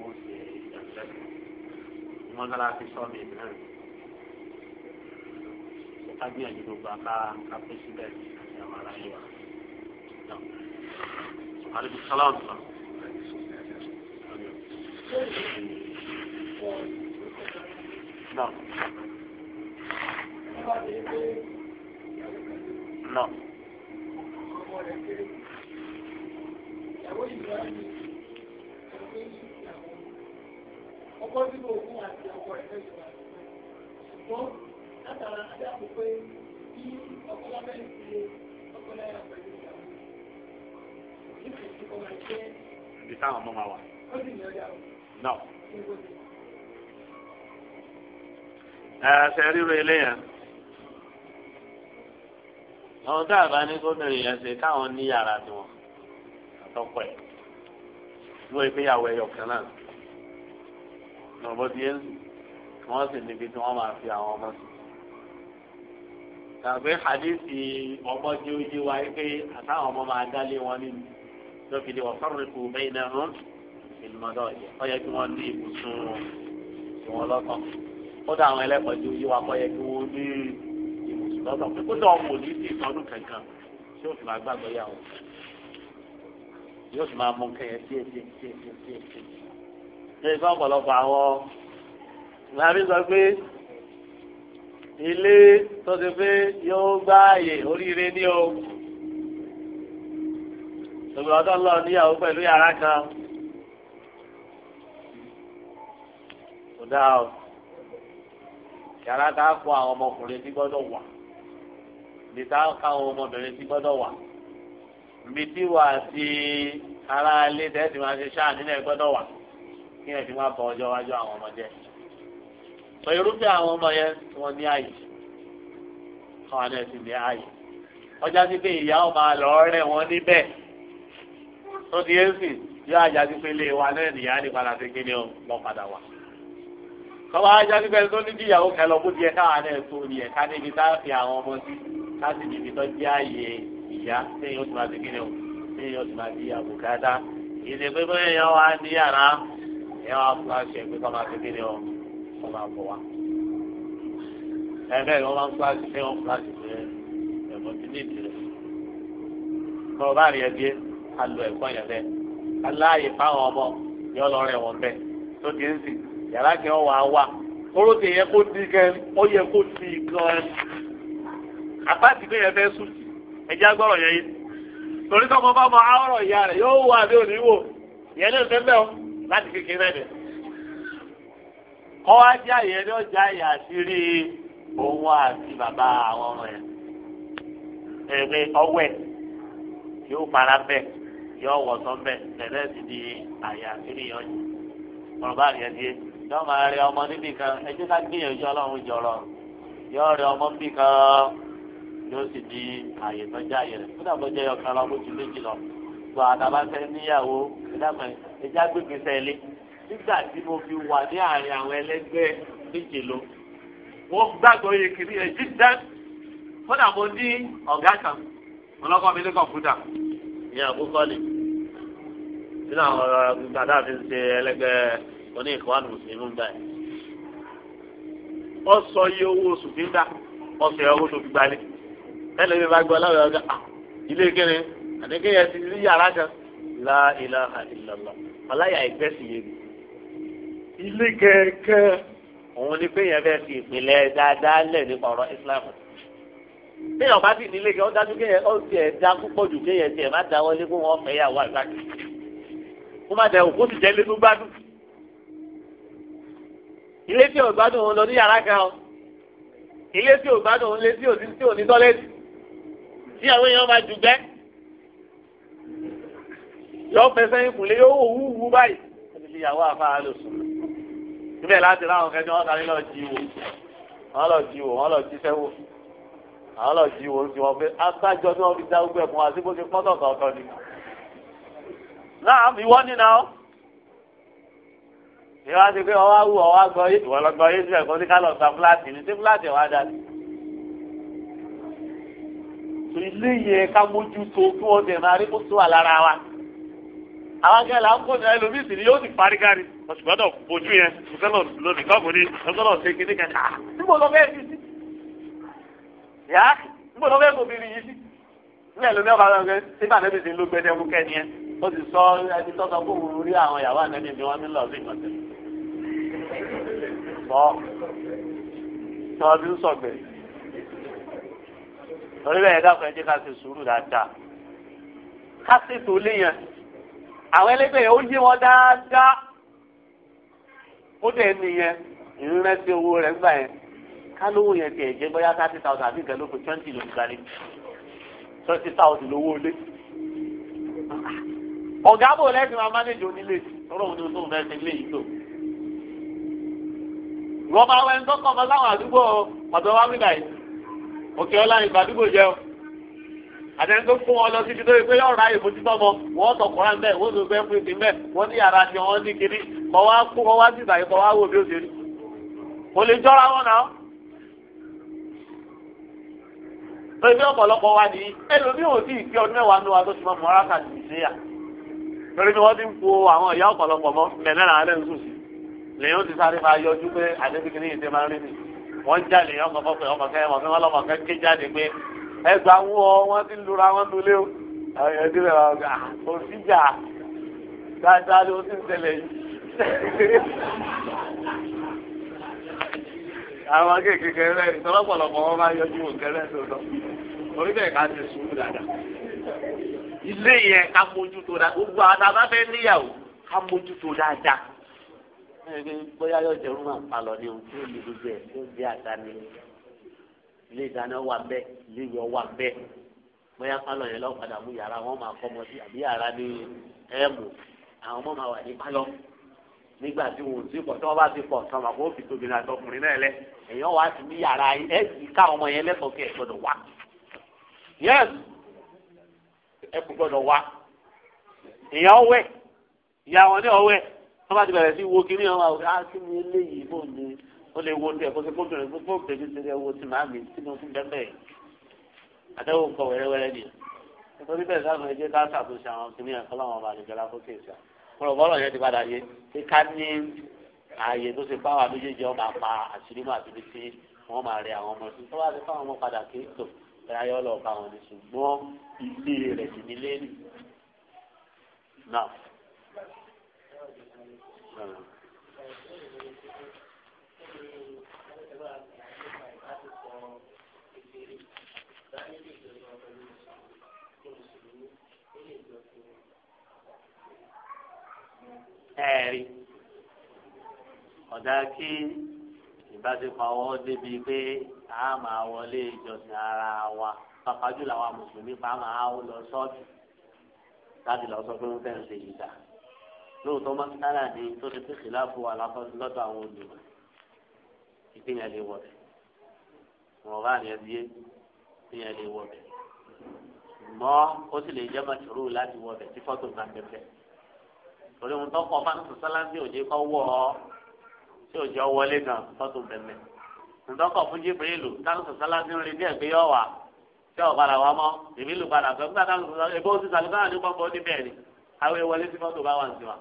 Speaker 2: wọn ṣe ìdánilẹ́kọ̀ọ́ ìmọ̀tàlá ti sọbì náà kábíyànjú gbogbo àká kápẹ́ síbẹ̀ àti àwọn aráyé wa. Àlejò sálá ọ̀dùnà. No. No.
Speaker 1: Ọkọ látara ajá kò pé bí ọkọlá bẹ́ẹ̀ ṣe ọkọlá yà pẹ̀lú ìyàwó nígbà tí kò máa jẹ́.
Speaker 2: ibi táwọn ọmọ máa wà.
Speaker 1: ó sì ní ọjà o.
Speaker 2: náà. ẹ ríro eléyàn àwọn tá a bá ní gómìnà yẹn ṣe káwọn ní yàrá tiwọn àtọkọ ẹ ló ìgbéyàwó ẹyọ kan náà lọ́bọ̀dé wọ́n sì níbi tí wọ́n máa fi àwọn ọmọ sí tàbí hadithi ọmọ jẹ ojú wa pé àtàwọn ọmọ máa dálé wọn nínú lókè ní wọn fọrọ ikú bẹyìn náà hàn ìlúmọdọ yẹ ọ yẹ kí wọn ní ibùsùn wọn lọ́tọ̀ kódà àwọn ẹlẹ́kọ̀ọ́ jẹ ojú wa kọ yẹ kí wọn ní ibùsùn lọ́tọ̀ kódà ọmọ òní sí ìtọdún kankan tí yóò fi máa gbàgbọ́ yà wọn yóò fi máa mú kẹyẹ díẹ̀ díẹ̀ díẹ̀ díẹ̀ díẹ̀ díẹ̀ díẹ̀ díẹ̀ díẹ̀ díẹ̀ díẹ̀ díẹ̀ díẹ̀ díẹ̀ díẹ̀ díẹ̀ díẹ̀ ilé tó ti pé yóò gbá ààyè oríire ní o ṣùgbọ́n ọdọ́ lọ níyàwó pẹ̀lú yàrá kan kò dáa o yàrá tá a kó àwọn ọmọkùnrin tí gbọ́dọ̀ wà ní tá a kó àwọn ọmọbìnrin tí gbọ́dọ̀ wà ibi tí wà sí ara ilé tẹ́sí máa ṣe ṣáà nílẹ̀ gbọ́dọ̀ wà kí ẹ̀ fi máa bọ ọjọ́ iwájú àwọn ọmọdé sọ irúfẹ́ àwọn ọmọ yẹn wọ́n ní àyè àwọn àna ẹ̀sìn ní àyè ọjà sí pé ìyá ọmọ àlọ́ rẹ̀ wọ́n níbẹ̀ tó ti yẹn sìn yóò àjà sí pé ilé wa náà nìyá ní padà sí kíni ọ lọ padà wà. tọ́wọ́ ajá sí pé tó ní bí ìyàwó kẹlọ bó ti yẹ káwa náà tó ní ẹ̀ka níbi tá a fi àwọn ọmọ sí ká sì níbi tó jẹ́ àyè ìyá sẹ́yìn ó máa sí kíni ọ sẹ́yìn ó máa di àbùkátà ìdè pé bóyá ìyá wa ní yàrá ìyá wa fún wọ́n máa bọ̀ wá. ẹ̀ẹ́dẹ́gbẹ̀rún wọ́n máa ń fúláṣí fẹ́ wọ́n fúláṣí fẹ́ ẹ̀mọ́ ti ní ìdílé. kọ́ ọba rẹ̀ bíi alo ẹ̀kọ́ yẹn bẹ́ẹ̀ aláàyè fáwọn ọmọ yọ lọ rẹ̀ wọ́n bẹ́ẹ̀ tó ti ń sìn yàrá kẹ́ ọ wà wà oró ti yẹ kó di gan ó yẹ kó di gan àpáàtì tó yẹ fẹ́ sùn ẹ̀jẹ̀ agbọ́rọ̀ yẹn yìí torí tọmọ bá mọ àwọ̀rọ̀ ìyá rẹ̀ yóò wà bí òní wò yẹn ní ìfẹ́ bẹ́ẹ̀ láti kékeré rẹ̀ kọ́ wá jẹ́ àyè ẹni ọjà àyè àṣírí òun àti bàbá àwọn ọmọ ẹ̀ ẹ̀rẹ̀ ọwẹ́ yóò para bẹ́ẹ̀ yóò wọ̀sán bẹ́ẹ̀ tẹ̀lé ti di àyè àṣírí yẹn ọjà ọ̀rọ̀ bá rẹ̀ díẹ̀ yóò máa rẹ ọmọ níbì kan ẹjẹ́ ká gbìyànjú ọlọ́run jọrọ yóò rẹ ọmọ níbì kan yóò sì di àyè tọ́jà àyè rẹ̀ fúnà bọ́jà yọkan lọ bó ti méjì lọ gbọ́ àtàbàfẹ́ níyàwó ẹ̀dá nígbà tí mo fi wà ní àárín àwọn ẹlẹgbẹ́ méje lọ mo gbàgbọ́ yẹ kiri ẹ̀ jíjẹ́ kódà mo ní ọ̀gá kan ọlọ́kọ́ mi ní kọ̀ǹpútà ìyẹn àkókò ni nínú àwọn ọ̀rọ̀ gbàdá fi ń ṣe ẹlẹgbẹ́ oní ìkọ́wánu mùsùlùmí báyìí ó sọ iye owó oṣù tí ń dá ọ̀sẹ̀ owó tó fi gbalẹ̀ ẹlẹ́mi bá gbọ́ láwọn ọ̀gá ah, ilé kẹrin àdékẹ́yẹ ti rí yàrá kan la ilaha illallah ọláyà ìgbẹ́sì yé mi ilé kẹ̀kẹ́ òun ni pé yẹn fẹ́ fi ìpìlẹ̀ dáadáa lẹ̀ nípa ọ̀rọ̀ Islam téèyàn bá sì nílé kẹ́ ọ́ dájú kéèyàn ó tiẹ̀ dá púpọ̀ jù kéèyàn tiẹ̀ má dáwọ́ lé kó wọ́n fẹ́ yàwó àgbàdo kó má dẹ̀ òkú sì jẹ́ lé tó gbádùn ilé tí ò gbádùn òun lọ ní yàrá kan o ilé tí ò gbádùn òun lé tí ò tí ò ní tọ́lẹ́tì tí àwọn èèyàn máa jù gbẹ́ yọ fẹsẹ̀ ìkùnlé yóò wù wù báyìí ó ti fi yàwó àfáà lò sùn síbẹ̀ láti láwọn kẹ́ni wọ́n sáré lọ jí wò wọ́n lọ jí wò wọ́n lọ jí sẹ́wò àwọn lọ jí wò ń wọn pé asájọ ni wọ́n fi dá gbogbo ẹ̀kún wa sí bó ṣe pọ́tọ̀ kọ̀ọ̀kan ni. náà ìwọ ni náà ìwà ti pé ọwọ́ awú ọwọ́ agbọ́ ìwọ lọ́gbọ́ yé síbẹ̀ kó ní ká sa fúláàtì ní sí fúláàtì wà dá sí. ilé yẹn ká mójútó kí wọ́n tẹ̀ máa rí kó tó wà lára wa. àwọn akẹ́lẹ́ àwọn kò ni yóò ti parí kárí wọ́n sì gbọ́dọ̀ bójú yẹn mo fẹ́ lọ lọ nìkan ní ọgbọ́n níbo lọ fẹ́ẹ́ fi sí yá níbo lọ fẹ́ẹ́ gòmìnir yìí sí nílẹ̀ lómi ọba lọ gẹ síbà nẹ́bí sí ló gbẹdẹ kú kẹ́ni ẹ ó sì sọ ẹni tọ́tọ̀ kó wù rí àwọn ìyàwó ànẹ́bí mi wọ́n mi lọ sí ìgbọ̀nsẹ̀ sọ sọ ọdún sọgbẹ̀ torí bẹ́ẹ̀ dákun ẹjẹ́ ká ṣe sùúrù dáadáa ká sì tó àwọn ẹlẹgbẹ́ ó yé wọn dáadáa. ó dẹ̀ nìyẹn ìrìnrẹ́sì owó rẹ̀ ń gbà yẹn kálówó yẹn tiẹ̀ jẹ́ bóyá thirty thousand àti ìkẹ́ ló fi twenty ló ń gbani twenty thousand lówó lé. ọ̀gá bò lẹ́sìn máa mánéjì onílé tọ́rọ̀ òní oṣù fẹ́ fi lé yìí tó. ìwọ́n máa wẹ́ ń ọmọ láwọn àdúgbò ọ̀dọ́ wa mí báyìí òkè ọlá ìgbàdúgbò àtẹni tó fún ọ lọ síbi tó yẹ pé ọ̀rá ìbòjútó ọmọ wọ́n sọ kọ́ra ń bẹ̀ wọ́n sọ pé fún ìpín bẹ́ẹ̀ wọ́n ní yàrá tí wọ́n ní kiri kọ́ wá kú kọ́ wá síta yìí kọ́ wá wò bí ó ṣe rí.
Speaker 3: kò lè jọra wọn náà.
Speaker 2: tó ibi ọ̀pọ̀lọpọ̀ wa nìyí ẹlòmíì ò tí ì fi ọdún mẹ́wàá ní wa tó ti mọ mọ́ra kà sí ìṣẹ́yà. torí ni wọ́n ti ń po àwọn ìyá ọ̀pọ̀lọpọ̀ mọ́ mẹ́lẹ́ràn alẹ́ ń ẹgbàá wọn wọn ti lura wọn tó lé o ẹdí wà gà kò síjà dáadáa ni ti ń ṣẹlẹ̀ yìí. àwọn akéèké rẹ ìtọ́lọ́pọ̀lọpọ̀ wọn máa yọjú tó lọ dáadáa ilé yẹn ká dáadáa gbogbo níyàwó ká dáadáa. bóyá yóò jẹun máa tí lè gbogbo tó ń ilé ìdáná wà bẹ ilé ìwẹ̀ wà bẹ bóyá pálọ̀ yẹn lọ́wọ́ padà mú yàrá wọn máa kọ́ ọmọ sí àbí yàrá ní ẹ̀mù àwọn ọmọ máa wà ní pálọ̀ nígbà tí wọn ò sí pọ̀ tí wọ́n bá ti pọ̀ sọ̀rọ̀ àbó fi tóbi náà tọkùnrin náà lẹ èèyàn wà á ti ní yàrá ẹ̀ sì ká ọmọ yẹn lẹ́tọ̀ọ́ kí ẹ gbọ́dọ̀ wá yẹ́s ẹ kò gbọ́dọ̀ wá èèyàn ọwẹ́ ìyá wọn ní ọwẹ́ wọ́n bá ti bẹ̀rẹ̀ sí wo kí ní ọmọ àwọn ó lè wo tiẹ̀ kó ṣe kóbìnrin kó tó bèbí ti rẹ̀ wo ti máa mi tí mo fi bẹ́ẹ̀ yìí àdáwò nǹkan wẹ́rẹ́wẹ́rẹ́ ni nítorí bẹ́ẹ̀ sáà ẹ jẹ́ ká ṣàtúnṣe àwọn kìnìún ẹ̀kọ́ láwọn ọba àlejò alákòókè ìṣà ọ̀rọ̀ bọ́ọ̀lù yẹn ti padà yé pé ká ní ààyè tó ṣe báwa méjèèjì ọba pa àṣírí mọ́ àti bíi tí wọ́n máa rẹ àwọn ọmọ sí tó bá ti fáwọn ọmọ padà kí tò ẹ̀ ayọ́ lọ bá ẹ̀rí ọ̀dà kí ìbáṣepọ̀ àwọn débi pé a máa wọlé ìjọsìn ara wa pàápàá jùlọ àwọn mùsùlùmí pa máa lọ sọ́ọ̀tù láti lọ sọ pé wọ́n fẹ́ẹ́ ṣe ìgbà lóòótọ́ mọ́sálà ni tó ti pèsè láàbù wa lọ́dọ̀ àwọn olùmọ̀ ìpínyà lè wọ̀ bẹ̀ wọ́n bá ní ẹbí ìpínyà lè wọ̀ bẹ̀ mọ́ ó sì lè jẹ́ màtúrù láti wọ̀ bẹ̀ tí fọ́tò máa bẹ̀ bẹ̀ torí ohun tó kọ fáńtù sáláńtì òjì kọ́ wọ̀ ọ́ tí òjì ọ wọlé gan tọ́tù bẹ̀mẹ̀ ohun tó kọ fún Jibrilu táǹtù sáláńtì ń retí ẹ̀gbẹ́ yọ̀ wá tí ọ̀ padà wá mọ́ ìbílù padà fẹ́ nígbà táǹtù sáláńtì ebó ti sàlùkọ́ àdé pọ́npọ́ ní bẹ́ẹ̀ ni àwọn ìwọlé tí fọ́tò bá wà ní wa.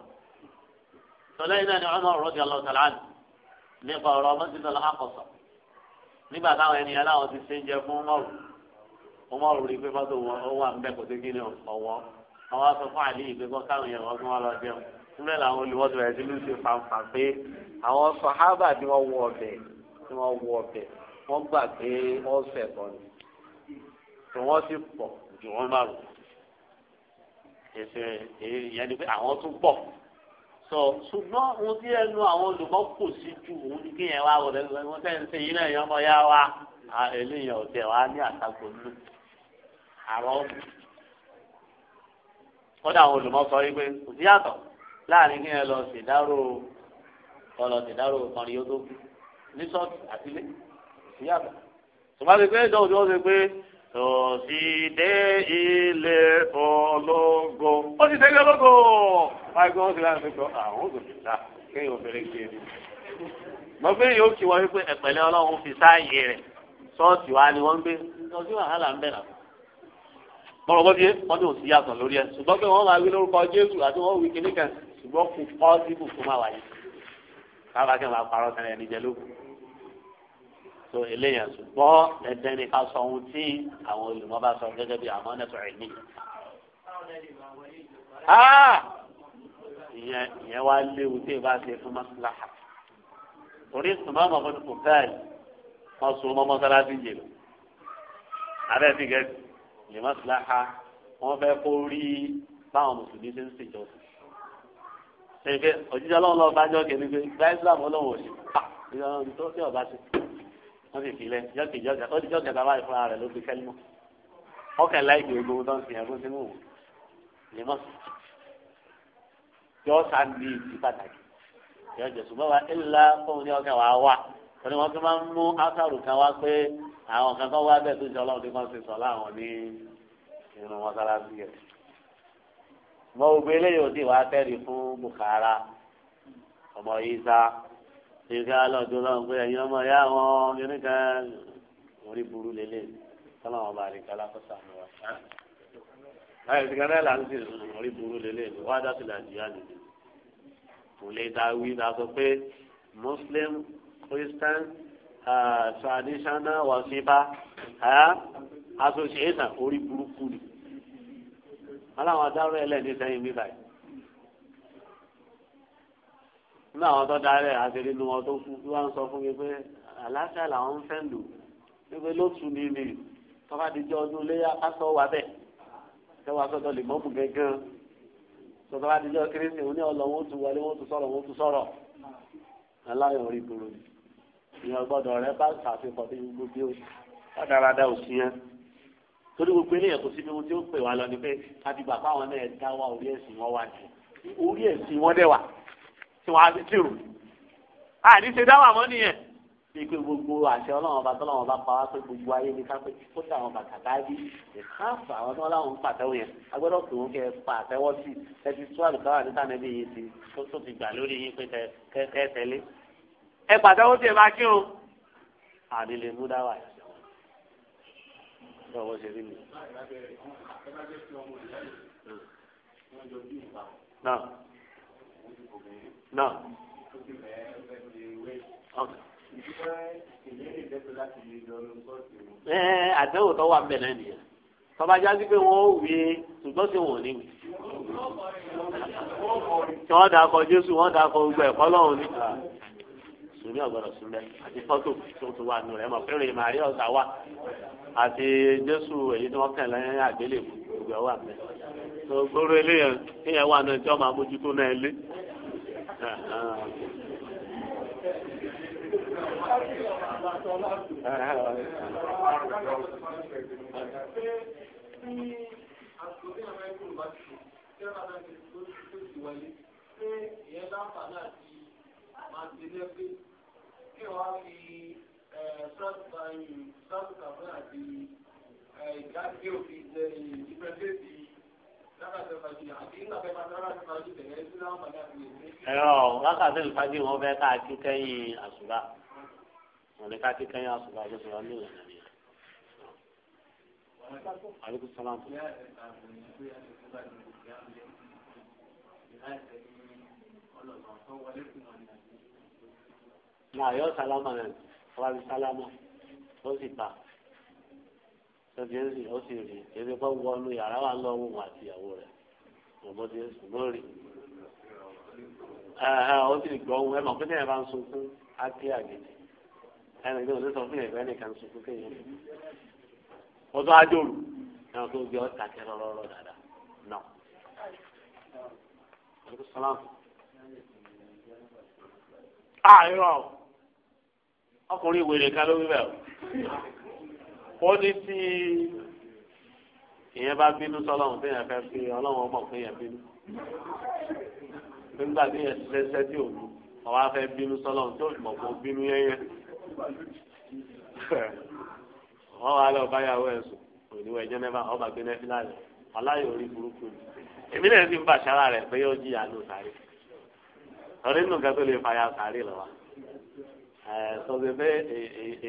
Speaker 2: sọlẹ́yìn náà ni ọmọ rọ́ọ̀dì ọlọ́ọ̀tàlán nípa ọ̀rọ̀ ọmọ sí lọ́la àkọ́sọ̀ nígbà táwọn ènìyàn láwọn ti ṣe jẹ fún mọ́rù àwọn aṣọ àlè ìgbẹ́kọ̀ káwọn yẹn wọ́n fún wọn lọ jẹun níbẹ̀ làwọn olùwọ́dọ̀ rẹ̀ ti lù sí pé àwọn sàhábà ni wọ́n wọ ọbẹ̀ ni wọ́n wọ ọbẹ̀ wọ́n gbà pé wọ́n fẹ̀ kọ́ ni tí wọ́n sì pọ̀ ju wọ́n bá rò èsì ìyẹn ni pé àwọn tún pọ̀ sọ ṣùgbọ́n ohun tí ẹnu àwọn olùkọ́ kò sí ju òun ní kéèyàn wá wọlé wọn tẹ́ ń ṣe yín náà yọmọ kọ́dà àwọn olùmọ̀sọ yìí pé kò sí yàtọ̀ láàrin kí ẹ lọ ṣèdárò ọlọ ṣèdárò kọrin yóò tó kú ní sọ́ọ̀tì àtìlé kò sí yàtọ̀ ṣùgbọ́n pé pé dọ́wọ́ tí wọ́n ṣe pé kò sí dé ilé ológo ó ti délé ológo wáyé kí wọ́n ti láti sọ àwọn òṣèlú ta kéèyàn obìnrin kiri mọ pé yóò kí wọ́n wípé ẹ̀pẹ̀lẹ́ ọlọ́run fi sáàyè rẹ̀ sọ́ọ̀tì wa ni wọ́n gbé ọdún wàhálà ń bẹ̀rẹ̀ mọ̀rọ̀ bó ti yé wọ́n ní òsì yàtọ̀ lórí ẹ̀ ṣùgbọ́n pé wọ́n máa wí lórúkọ jésù àti wọ́n wí kíní kan ṣùgbọ́n kò kọ́ síbù fún máa wáyé káfá kí n máa parọ́ tẹ́lẹ̀ ẹni jẹ lókun tó eléyàn ṣùgbọ́n ẹ̀dẹ́ ni ká sọ ohun tí àwọn olùmọ̀ bá sọ gẹ́gẹ́ bí àmọ́ nẹ́tọ̀ ẹ̀ ní. Ah! ìyẹn ìyẹn wá léwu tí ìbá ṣe fún mọ́sálásá orí ìsúnmọ́ mọ́ lèmọ́síláha wọ́n fẹ́ kó rí báwọn mùsùlùmí ṣe ń ṣèjọ sí. ṣèǹkẹ́ òjíṣẹ́ ọlọ́run lọ́ọ́ bá jọ́ kẹ́ni pé gba islam ọlọ́run ò sí pa ìlànà tó tí ọba ṣe. wọ́n sì fi lẹ̀ jọ́kì jọ́kì ó ti jọ́kì bàbá ìfúnra rẹ̀ ló fi kẹ́límọ́. ọkẹ́ láìpẹ́ ogun tó ń fi ẹ̀rú sínú òun lèmọ́sí. yọ sá ní pàtàkì yọ jẹ̀sùn bá ẹ̀ àwọn kan kọ́ wá bẹ́ẹ̀ tó jọ ọlọ́run tí wọ́n ti sọ láwọn ní irun mọ́sálásí ẹ̀. mo gbé eléyìí òdì wá tẹ́rì fún Bukhara ọmọ Isa nígbà lọ́dún lọ́run pé ẹ̀yin ọmọ ìyá wọn kìíní kan orí burú lélẹ̀ tọ́lọ́wọ́n bá rí kálá kó sàmì wá. báyìí ti kẹ́rẹ́ là ń sè orí burú lélẹ̀ wá dátì làjìyà nìyí. kò lè ta wí ta sọ pé Muslim Christian traditional wasifa association orí burúkú ni aláwọn adáró ẹlẹ́ni sẹ́yìn mi báyìí nínú àwọn tó darí àṣírí inú wọn tó kú wọn sọ fún mi pé àlàáfíà làwọn ń fẹ́ lò wípé lótú ni mi tọ́ba ti jẹ́ ọdún léyà pásọ wà bẹ́ẹ̀ tẹ́wọ́ sọ́dọ̀ lè mọ́kù gángan tọ́ba ti jẹ́ kérésì òun ní ọlọ́wọ́ tún wọlé wọ́n tún sọ̀rọ̀ wọ́n tún sọ̀rọ̀ aláyọ̀ orí burú ni ìyẹn gbọ́dọ̀ rẹ bá ṣàfihàn bí gbogbo bí ó ò sí yẹn torí gbogbo eléyẹ kò síbi ohun tí ó pè wá lọ ni pé àdìgbà báwọn náà dá wa orí ẹ̀sìn wọn wá jù orí ẹ̀sìn wọn dẹ̀ wà tí wọ́n á fi tìrù àní ṣe dá wà mọ́ nìyẹn bíi pé gbogbo àṣẹ ọlọ́run ọba tọ́lọ́run ọba pa wá pé gbogbo ayé ni ká pé kó tà àwọn bàtàkà bí ìkáàfà àwọn tó láwọn ń pàtẹ́wọ̀ yẹn agbọ́dọ̀ pé wọ́n kẹ́ ẹ pa àtẹ́wọ́ sí ẹ ti tú àlùkáwà níta níbi yìí ti tó ti gbà lórí yín pé kẹ́ ẹ tẹ́lé ẹ pàtẹ́wọ́ tí ẹ bá kí o àdé lè mú dáwà yìí lọ́wọ́ ṣe rí mi. náà náà ẹ àdéhùn tó wà ń bẹ̀ náà nìyẹn tọ́ba jáde pé wọ́n ó wí ṣùgbọ́n sí wọn ò ní wí. tí wọ́n dà kọ Jésù wọ́n dà kọ gbogbo lọ́hùn-ún níta mùsùlùmí ọ̀gbọ́dọ̀ súnmẹ́ àti fọ́tò tó tún wà nù rẹ̀ mọ̀ fẹ́rẹ̀ ìmàrí ọ̀sà wà àti jésù èyí tí wọ́n kàn lẹ́yìn àgbélé gbogbo wà mẹ́. tó gbóró eléyàn kéèyàn wà náà tí wọ́n máa mójútó náà lé. Thank you kí wọ́n fi sọ́ọ̀tù kàfún àti ìdájí òfin ìdíbẹ́sẹ̀tì ẹ̀rọ wákàtí ìfájì wọn fẹ́ ká kí kẹ́yìn àṣùbà wọn ní ká kí kẹ́yìn àṣùbà ló fi wọn ní ìlànà yẹn. aleykum salaam. Thank you. na yọ salama rẹ̀ fọlábí sálámà ó sì bá sọ́dí ẹ̀sì ó sì rí wa lọ wọ́n àti ìyàwó rẹ̀ ọ̀bọ̀n ti sùn lórí. ó sì gbọ́ ohun ẹ̀ mọ̀ pé tẹ̀yẹ̀ bá ń sunkún á kí àgbèjì ẹnì kan ò ní sọ fún ìyẹ̀fẹ́ ọkùnrin wèrè kan ló wí bẹ́ẹ̀ ó ní tí ìyẹn bá bínú sọlọ́run tí yẹn fẹ́ fi ọlọ́run ọmọ fún yẹn bínú nígbà tí yẹn ṣiṣẹ́ tí òun ọwọ́ afẹ́ bínú sọlọ́run tó mọ̀ kó bínú yẹ́yẹ́ wọ́n wá lọ báyàwó ẹ̀ sùn òníwọ̀ ẹ̀jẹ̀ mẹ́fà ọba gbé nẹ́fìlà rẹ̀ aláyọ̀ orí burúkú ni èmi náà ti ń bàṣára rẹ̀ pé yóò jìyà ló sáré ọ̀rẹ́ nù gẹ́gẹ́ tó lè fàyà sáré lọ́wọ́ sọ̀rọ̀ pé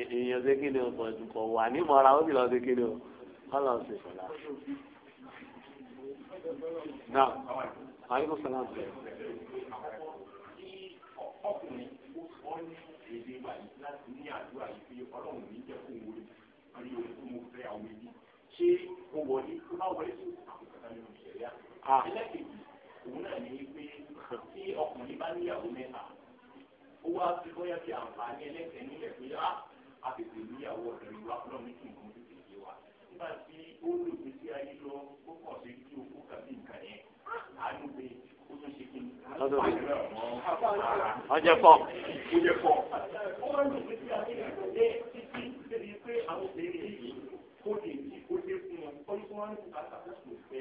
Speaker 2: èèyàn ṣe kí ni o pọ̀ jù pọ̀ wà ní mọ́ra ó sì lọ ṣe kí ni o kọ́ lọ sí
Speaker 1: náà ayé kò sọ̀rọ̀ àbúrò.
Speaker 2: ọkùnrin ó sọ ní èdè báyìí láti ní àdúrà yìí pé ọlọ́run ní jẹ́ kó wọlé lórí ohun tó mo fẹ́ àwọn ẹbí ṣé ó wọlé tó bá wọlé sí àwọn kàkà nínú ìṣẹ̀lẹ̀ àti ẹlẹ́kẹ̀ẹ́ òun náà ní pé tí ọkùnrin bá níyàwó mẹ́ta ó wá bóyá bí àǹfààní ẹlẹ́sẹ̀ nílẹ̀ pé á ah, àtètè níyàwó ọ̀dọ̀ ìwà ọlọ́run kì í mú tètè yé wa nígbà tí ó lò pé sí ayé lọ ó kàn sí kí okó kàbí nǹkan yẹn àánú pé ó tún ṣe kí n lọ́dọ̀ ọjọ́ pọ̀ ọjọ́ pọ̀ ó wá lò pé sí ayé lọ dé títí débi pé àwọn obìnrin yìí kó lè ní kó dé fún wọn kó ní kó wọn ní kó kàtà kó sì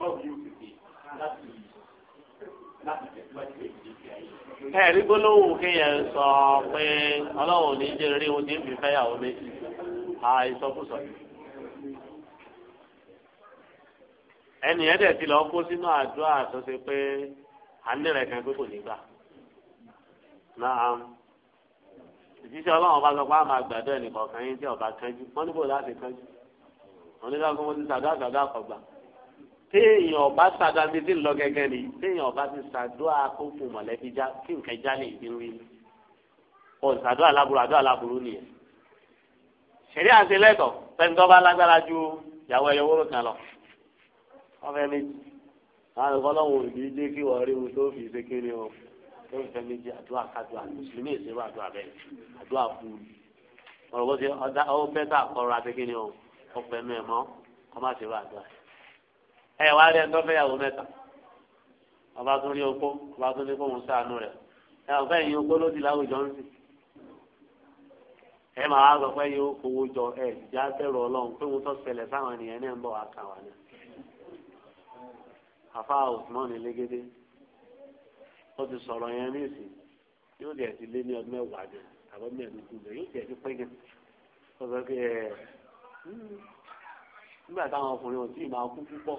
Speaker 2: báwo ni o ti fi sọ pé ọlọ́run ní jẹ́ rí ohun ń fi méjì àìsọkúsọ. ẹnì yẹn dẹ̀ ti lọ kó sínú àdúrà tó ṣe kan pé kò ní gbà. náà ìṣiṣẹ́ ọlọ́run bá sọ pé a máa gbàdúrà ẹnì kọ̀ọ̀kan yín tí ọba wọ́n níbo láti kánjú. wọ́n ní ti téèyàn ọba sàdáńdé tí ń lọ gẹ́gẹ́ ni téèyàn ọba ti sàdúà kókò mọ̀lẹ́bí já kí nǹkan já lè dín rí ọ sàdúà láburú àdúà láburú nìyẹn. ṣẹ̀rí àti lẹ́tọ̀ fẹ́ni tó bá lágbára ju ìyàwó ẹyọ wóró kan lọ. wọ́n fẹ́ méjì láti fọlọ́hún òbí dé kí wọ́n rí ohun tó fi ṣe kéré o tó ń fẹ́ méjì àdúà kádùà mùsùlùmí ìṣerú àdúà bẹ́ẹ̀ àdúà fún un. ọ̀rọ̀ bó ṣe ọ ẹ wá rí ẹni tó fẹ́ yàwó mẹ́ta ọba tó rí okó ọba tó ní kó wọn sànú rẹ ẹ ọ̀fẹ́ yìí okó ló di láwùjọ ń sìn ẹ máa wá sọ pé yóò fowó jọ ẹ ìjà bẹ̀rù ọlọ́run pé wọn tó ṣẹlẹ̀ sáwọn ènìyàn náà ń bọ̀ wá kà wá ní. àfa Usman elégédé ó ti sọ̀rọ̀ yẹn ní ìsìn yóò dẹ̀ ti lé ní ọdún mẹ́wàá jẹ àbọ̀ mẹ́ẹ̀ẹ́dógún jẹ yóò dẹ̀ ti pẹ́ gan. ó sọ pé ẹ hmm, nígbà táwọn ọkùnrin ò tí ì máa kú púpọ̀.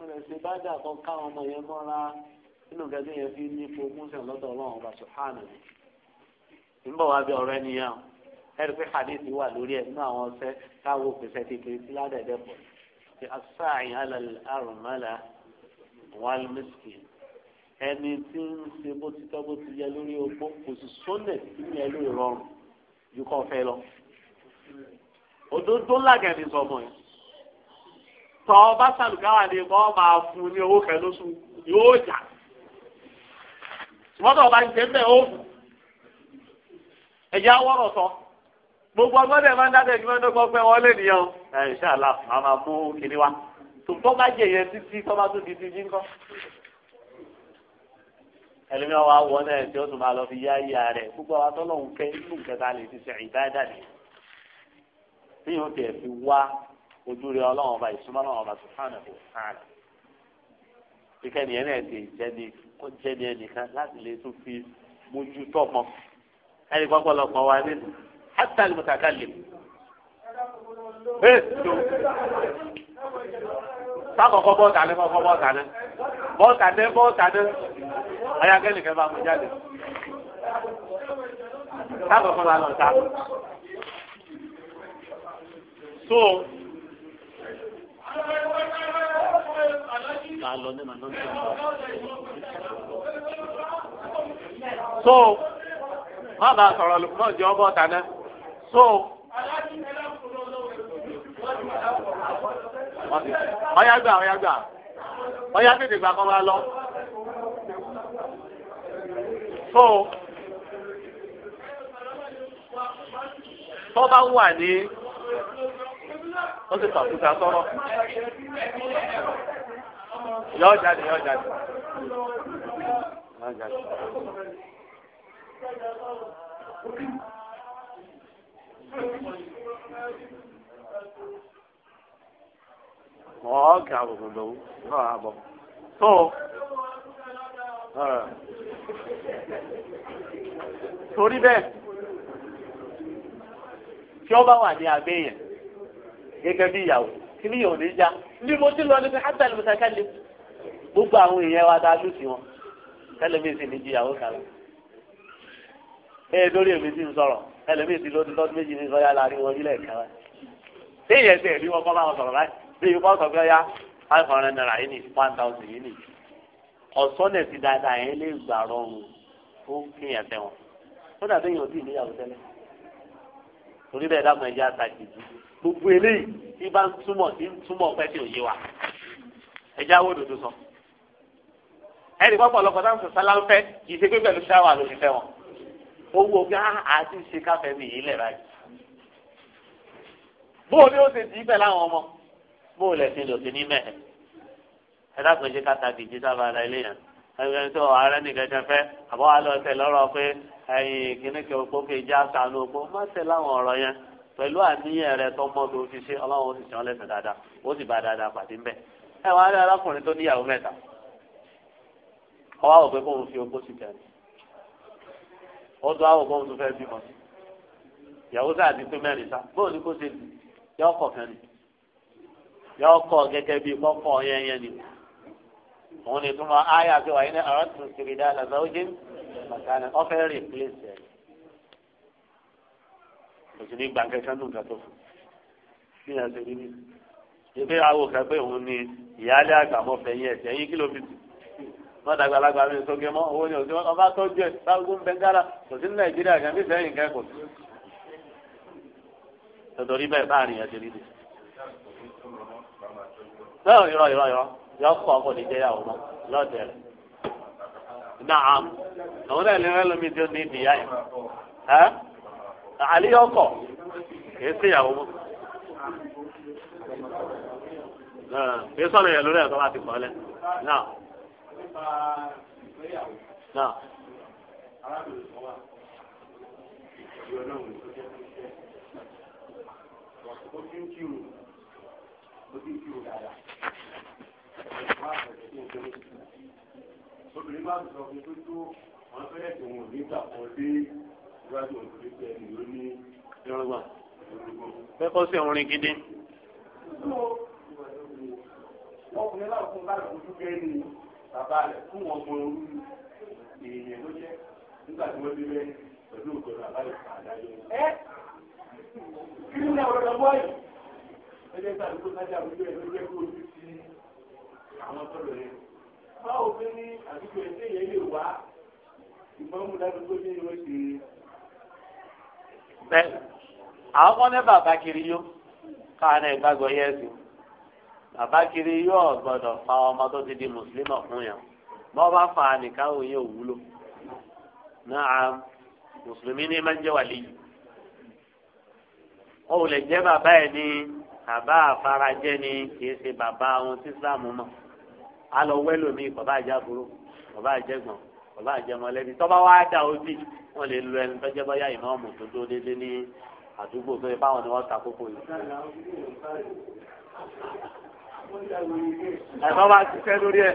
Speaker 2: wọn lè ṣe bá dà kọ káwọn ọmọ yẹn mọ́ra nínú gẹ́gẹ́ yẹn fi ní fún mùsùlùmí lọ́dọ̀ ọlọ́run ọba sùhánù ń bọ̀ wá bí ọ̀rọ̀ ẹnìyàn ẹ̀rí pé hadith wà lórí ẹ̀ nínú àwọn ọ̀sẹ̀ káwọ́ òpèsè kékeré sí ládẹ́dẹ́ pọ̀ ti asáàyàn alàrùnmọ́là wàlmísìkì ẹni tí ń ṣe bó ti tọ́ bó ti yẹ lórí ogbó kò sì sónẹ̀ sí ẹlú ìrọ̀rùn ju kọ́ fẹ́ lọ. òdodo ńlá gẹ̀ẹ́ni sọmọ yìí tọ́ sàlùkáwà ni wọ́n máa fún ní owó kan lóṣù yóò jà ṣùgbọ́n tó ń jẹ́ bẹ́ẹ̀ ó ẹ̀yà wọ́rọ̀ sọ gbogbo ọgbọ́dẹ̀ máa ń dábẹ́ ìgbìmọ̀ ẹ̀dọ́gbọ́n pé wọ́n lè nìyẹn ẹ̀ ṣáàlà máa máa mú kiri wa tòótọ́ bá jẹ yẹn títí tó bá tó di ti jí ńkọ́ ẹlẹ́mi àwọn awọ náà tí ó máa lọ fi yá yá rẹ̀ gbogbo àwọn atọ́lọ́hún kẹ́ nínú kẹta lè ti ṣe ìdáadáa nìyẹn tí yóò tẹ̀ fi wá ojú rẹ ọlọ́run ọba ìsúnmọ́ ọlọ́run ọba subhanahu wa ta'ala kíkẹ́ ni ẹni ẹ̀sìn ìjẹni kó jẹni ẹnìkan láti lè tún fi mójú tọ́ mọ́ ẹni pọ́pọ́lọpọ̀ wa ní hatta al-mutakallim.
Speaker 1: sákòókò bọ́ọ̀tà ní kọ́kọ́ bọ́ọ̀tà ní
Speaker 2: bọ́ọ̀tà ní bọ́ọ̀tà ní ayákẹ́ nìkan bá mú jáde
Speaker 1: sákòókò bá lọ sáà ká lọ nínú náà tó ń bọ̀. so
Speaker 2: má bàa sọ̀rọ̀ lùkùmọ̀ jẹ́ ọbọ̀ tàná so. ọyá gbà ọyá gbà ọyá gbà kọ́ máa lọ. so tó bá wà ní
Speaker 1: ó sì fàkúta sọ̀rọ̀ yọ jáde yọ jáde yọ jáde.
Speaker 2: Ọ̀ọ́kì àbùkù lòun náà àbọ̀. Tó torí bẹ́ẹ̀ tí ó bá wà ní abẹ́ gẹ́gẹ́ bí ìyàwó kí ni yòó ní já bí mo ti lọ ní pé hátà ló sá kálí gbogbo àwọn èèyàn wa dá lùsì wọn tẹlẹmí sì ní ju ìyàwó kan lọ. ẹ lórí èmi ti ń sọ̀rọ̀ tẹlẹmí ti lọ́dún lọ́dún méjì ní sọ́yà láàrin wọn nílẹ̀ kan rẹ̀. bí ìyẹn ti ẹ̀rí wọn kọ́ bá wọn sọ̀rọ̀ báyìí bí ìwọ́n sọ pé ya five hundred naira yìí ní one thousand yìí ní. ọ̀sọ́nẹ̀ ti dáadáa yẹn lè gbà rọrùn fún kíyàn tẹ ó dàbí èèyàn ò tí ì gbogbo eléyìí tí bá ń túmọ̀ tí ń túmọ̀ pẹ́ tí ò yé wa ẹja wo dòdò sọ ẹnì kan pọ̀ lọ́kọ̀ táwọn sọ̀sálà ń fẹ́ kì í ṣe pé pẹ̀lú ṣáwà ló ti fẹ́ wọn ó wo bí àti ṣe káfẹ́ mi yìí lẹ̀ báyìí bóò ni ó ṣe dì í pẹ̀lú àwọn ọmọ bóò lẹ̀ fi lòdì ní mẹ́ẹ̀ ẹ dákun ṣe ká tàbí ìdí sábà ara ilé yẹn ẹgbẹ́ tó ààrẹ nìkan jẹ fẹ́ àbọ̀ wà lọ́ọ́ tẹ̀ lọ́rọ̀ pé ẹ̀yìn kìnnìkan òpó kejì àṣà pẹ̀lú àníyàn rẹ tó mọ́ tó fi ṣe ọlọ́run ó sàn lẹ́sẹ̀ dáadáa ó sì bá dáadáa pàdé ń bẹ̀. ẹ wàá rí arákùnrin tó níyàwó mẹ́ta ọwọ́ àwọ̀ pé kóun fi opó sí kẹrin ó tún àwọ̀ kóun tún fẹ́ bímọ sí ìyàwó sáà ti mẹ́rin sá ni kó ṣe lù yọ ọkọ̀ ni yọ ọkọ̀ gẹ́gẹ́ bíi kọ́kọ́ yẹn yẹn ni òun ní kò sì ní gba kẹkẹ nù kẹtọ fún kí ni a ṣe níbí ibi awo kan pé òun ni ìyáálé àgbàmọfẹ yẹn ẹsẹ yín kí ló fi tù wọn dàgbà alágbà mi sókè mọ owó ni òsì ọba tọjú ẹ sáwọn bẹngàrà kò sí ní nàìjíríà kan bí sẹ́yìn kan kò sí. tòtòrí bẹ́ẹ̀ bá àrìyàn ṣe níbí.
Speaker 1: náà irọ́ irọ́ irọ́ yọ kọ́ ọkọ̀ ní jẹ́yàwó mọ́ lọ́ọ̀dẹ̀
Speaker 2: àlíyọkọ kìí sí ìyàwó mọ kìí sọ̀rọ̀ yẹn lórí ẹ̀kọ́ láti kọ́ lẹ̀ náà. obìnrin bá sọ fún mi pé tó wọn fẹ́rẹ̀ tó wọn nígbà kan dé síwájú òun sí ọ̀rin gidi. ọkùnrin náà fún bá lọ́dún gẹ́gẹ́ ni bàbá rẹ̀ fún ọmọ orú èèyàn ló jẹ́ nígbà tí wọ́n débẹ̀ pẹ̀lú òkè bàbá rẹ̀ fà ẹ kí ni àwọn ọ̀dọ́ bọ́ yìí. ẹgbẹ́ ìgbà tó sájà àwùjọ ló jẹ́ kó ojú sí àwọn tọ́lọ̀ yẹn. báwo fẹ́ ní àdúgbò ẹ̀ pẹ́ àwọn ọmọ ní bàbá kiri yó káàánú ìgbàgbọ́ yẹ́sì bàbá kiri yó ọ̀gbọ́dọ̀ fa ọmọ tó ti di mùsùlùmọ̀ fún yàn bọ́ bá fa nìkan òye òwúlò náà mùsùlùmí ní máa ń jẹ́ wàlíì ó lè jẹ́ bàbá ẹ̀ ní bàbá àfarajẹ́ ni kìí ṣe bàbá ohun tí Islam mọ̀ á lọ wẹ́lòmíì bàbá àjàgbọ́rò bàbá àjẹgbọ́n ọba àjẹmọlẹ́bí tọ́ba wá dà ó bì wọ́n lè lu ẹni tọ́jẹ́ bọ́yá ìmọ̀ọ́mù tó dúró déédéé ní àdúgbò tó yẹ fáwọn ni wọ́n ta kókó yìí.
Speaker 1: ẹ̀fọ́ bá ti fẹ́ lórí ẹ̀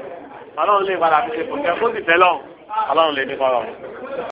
Speaker 1: ọlọ́run lè padà fi ṣe kò tẹ́ kó sì fẹ́ lọ́hùn ọlọ́run lè ní kọ́ lọ́hùn.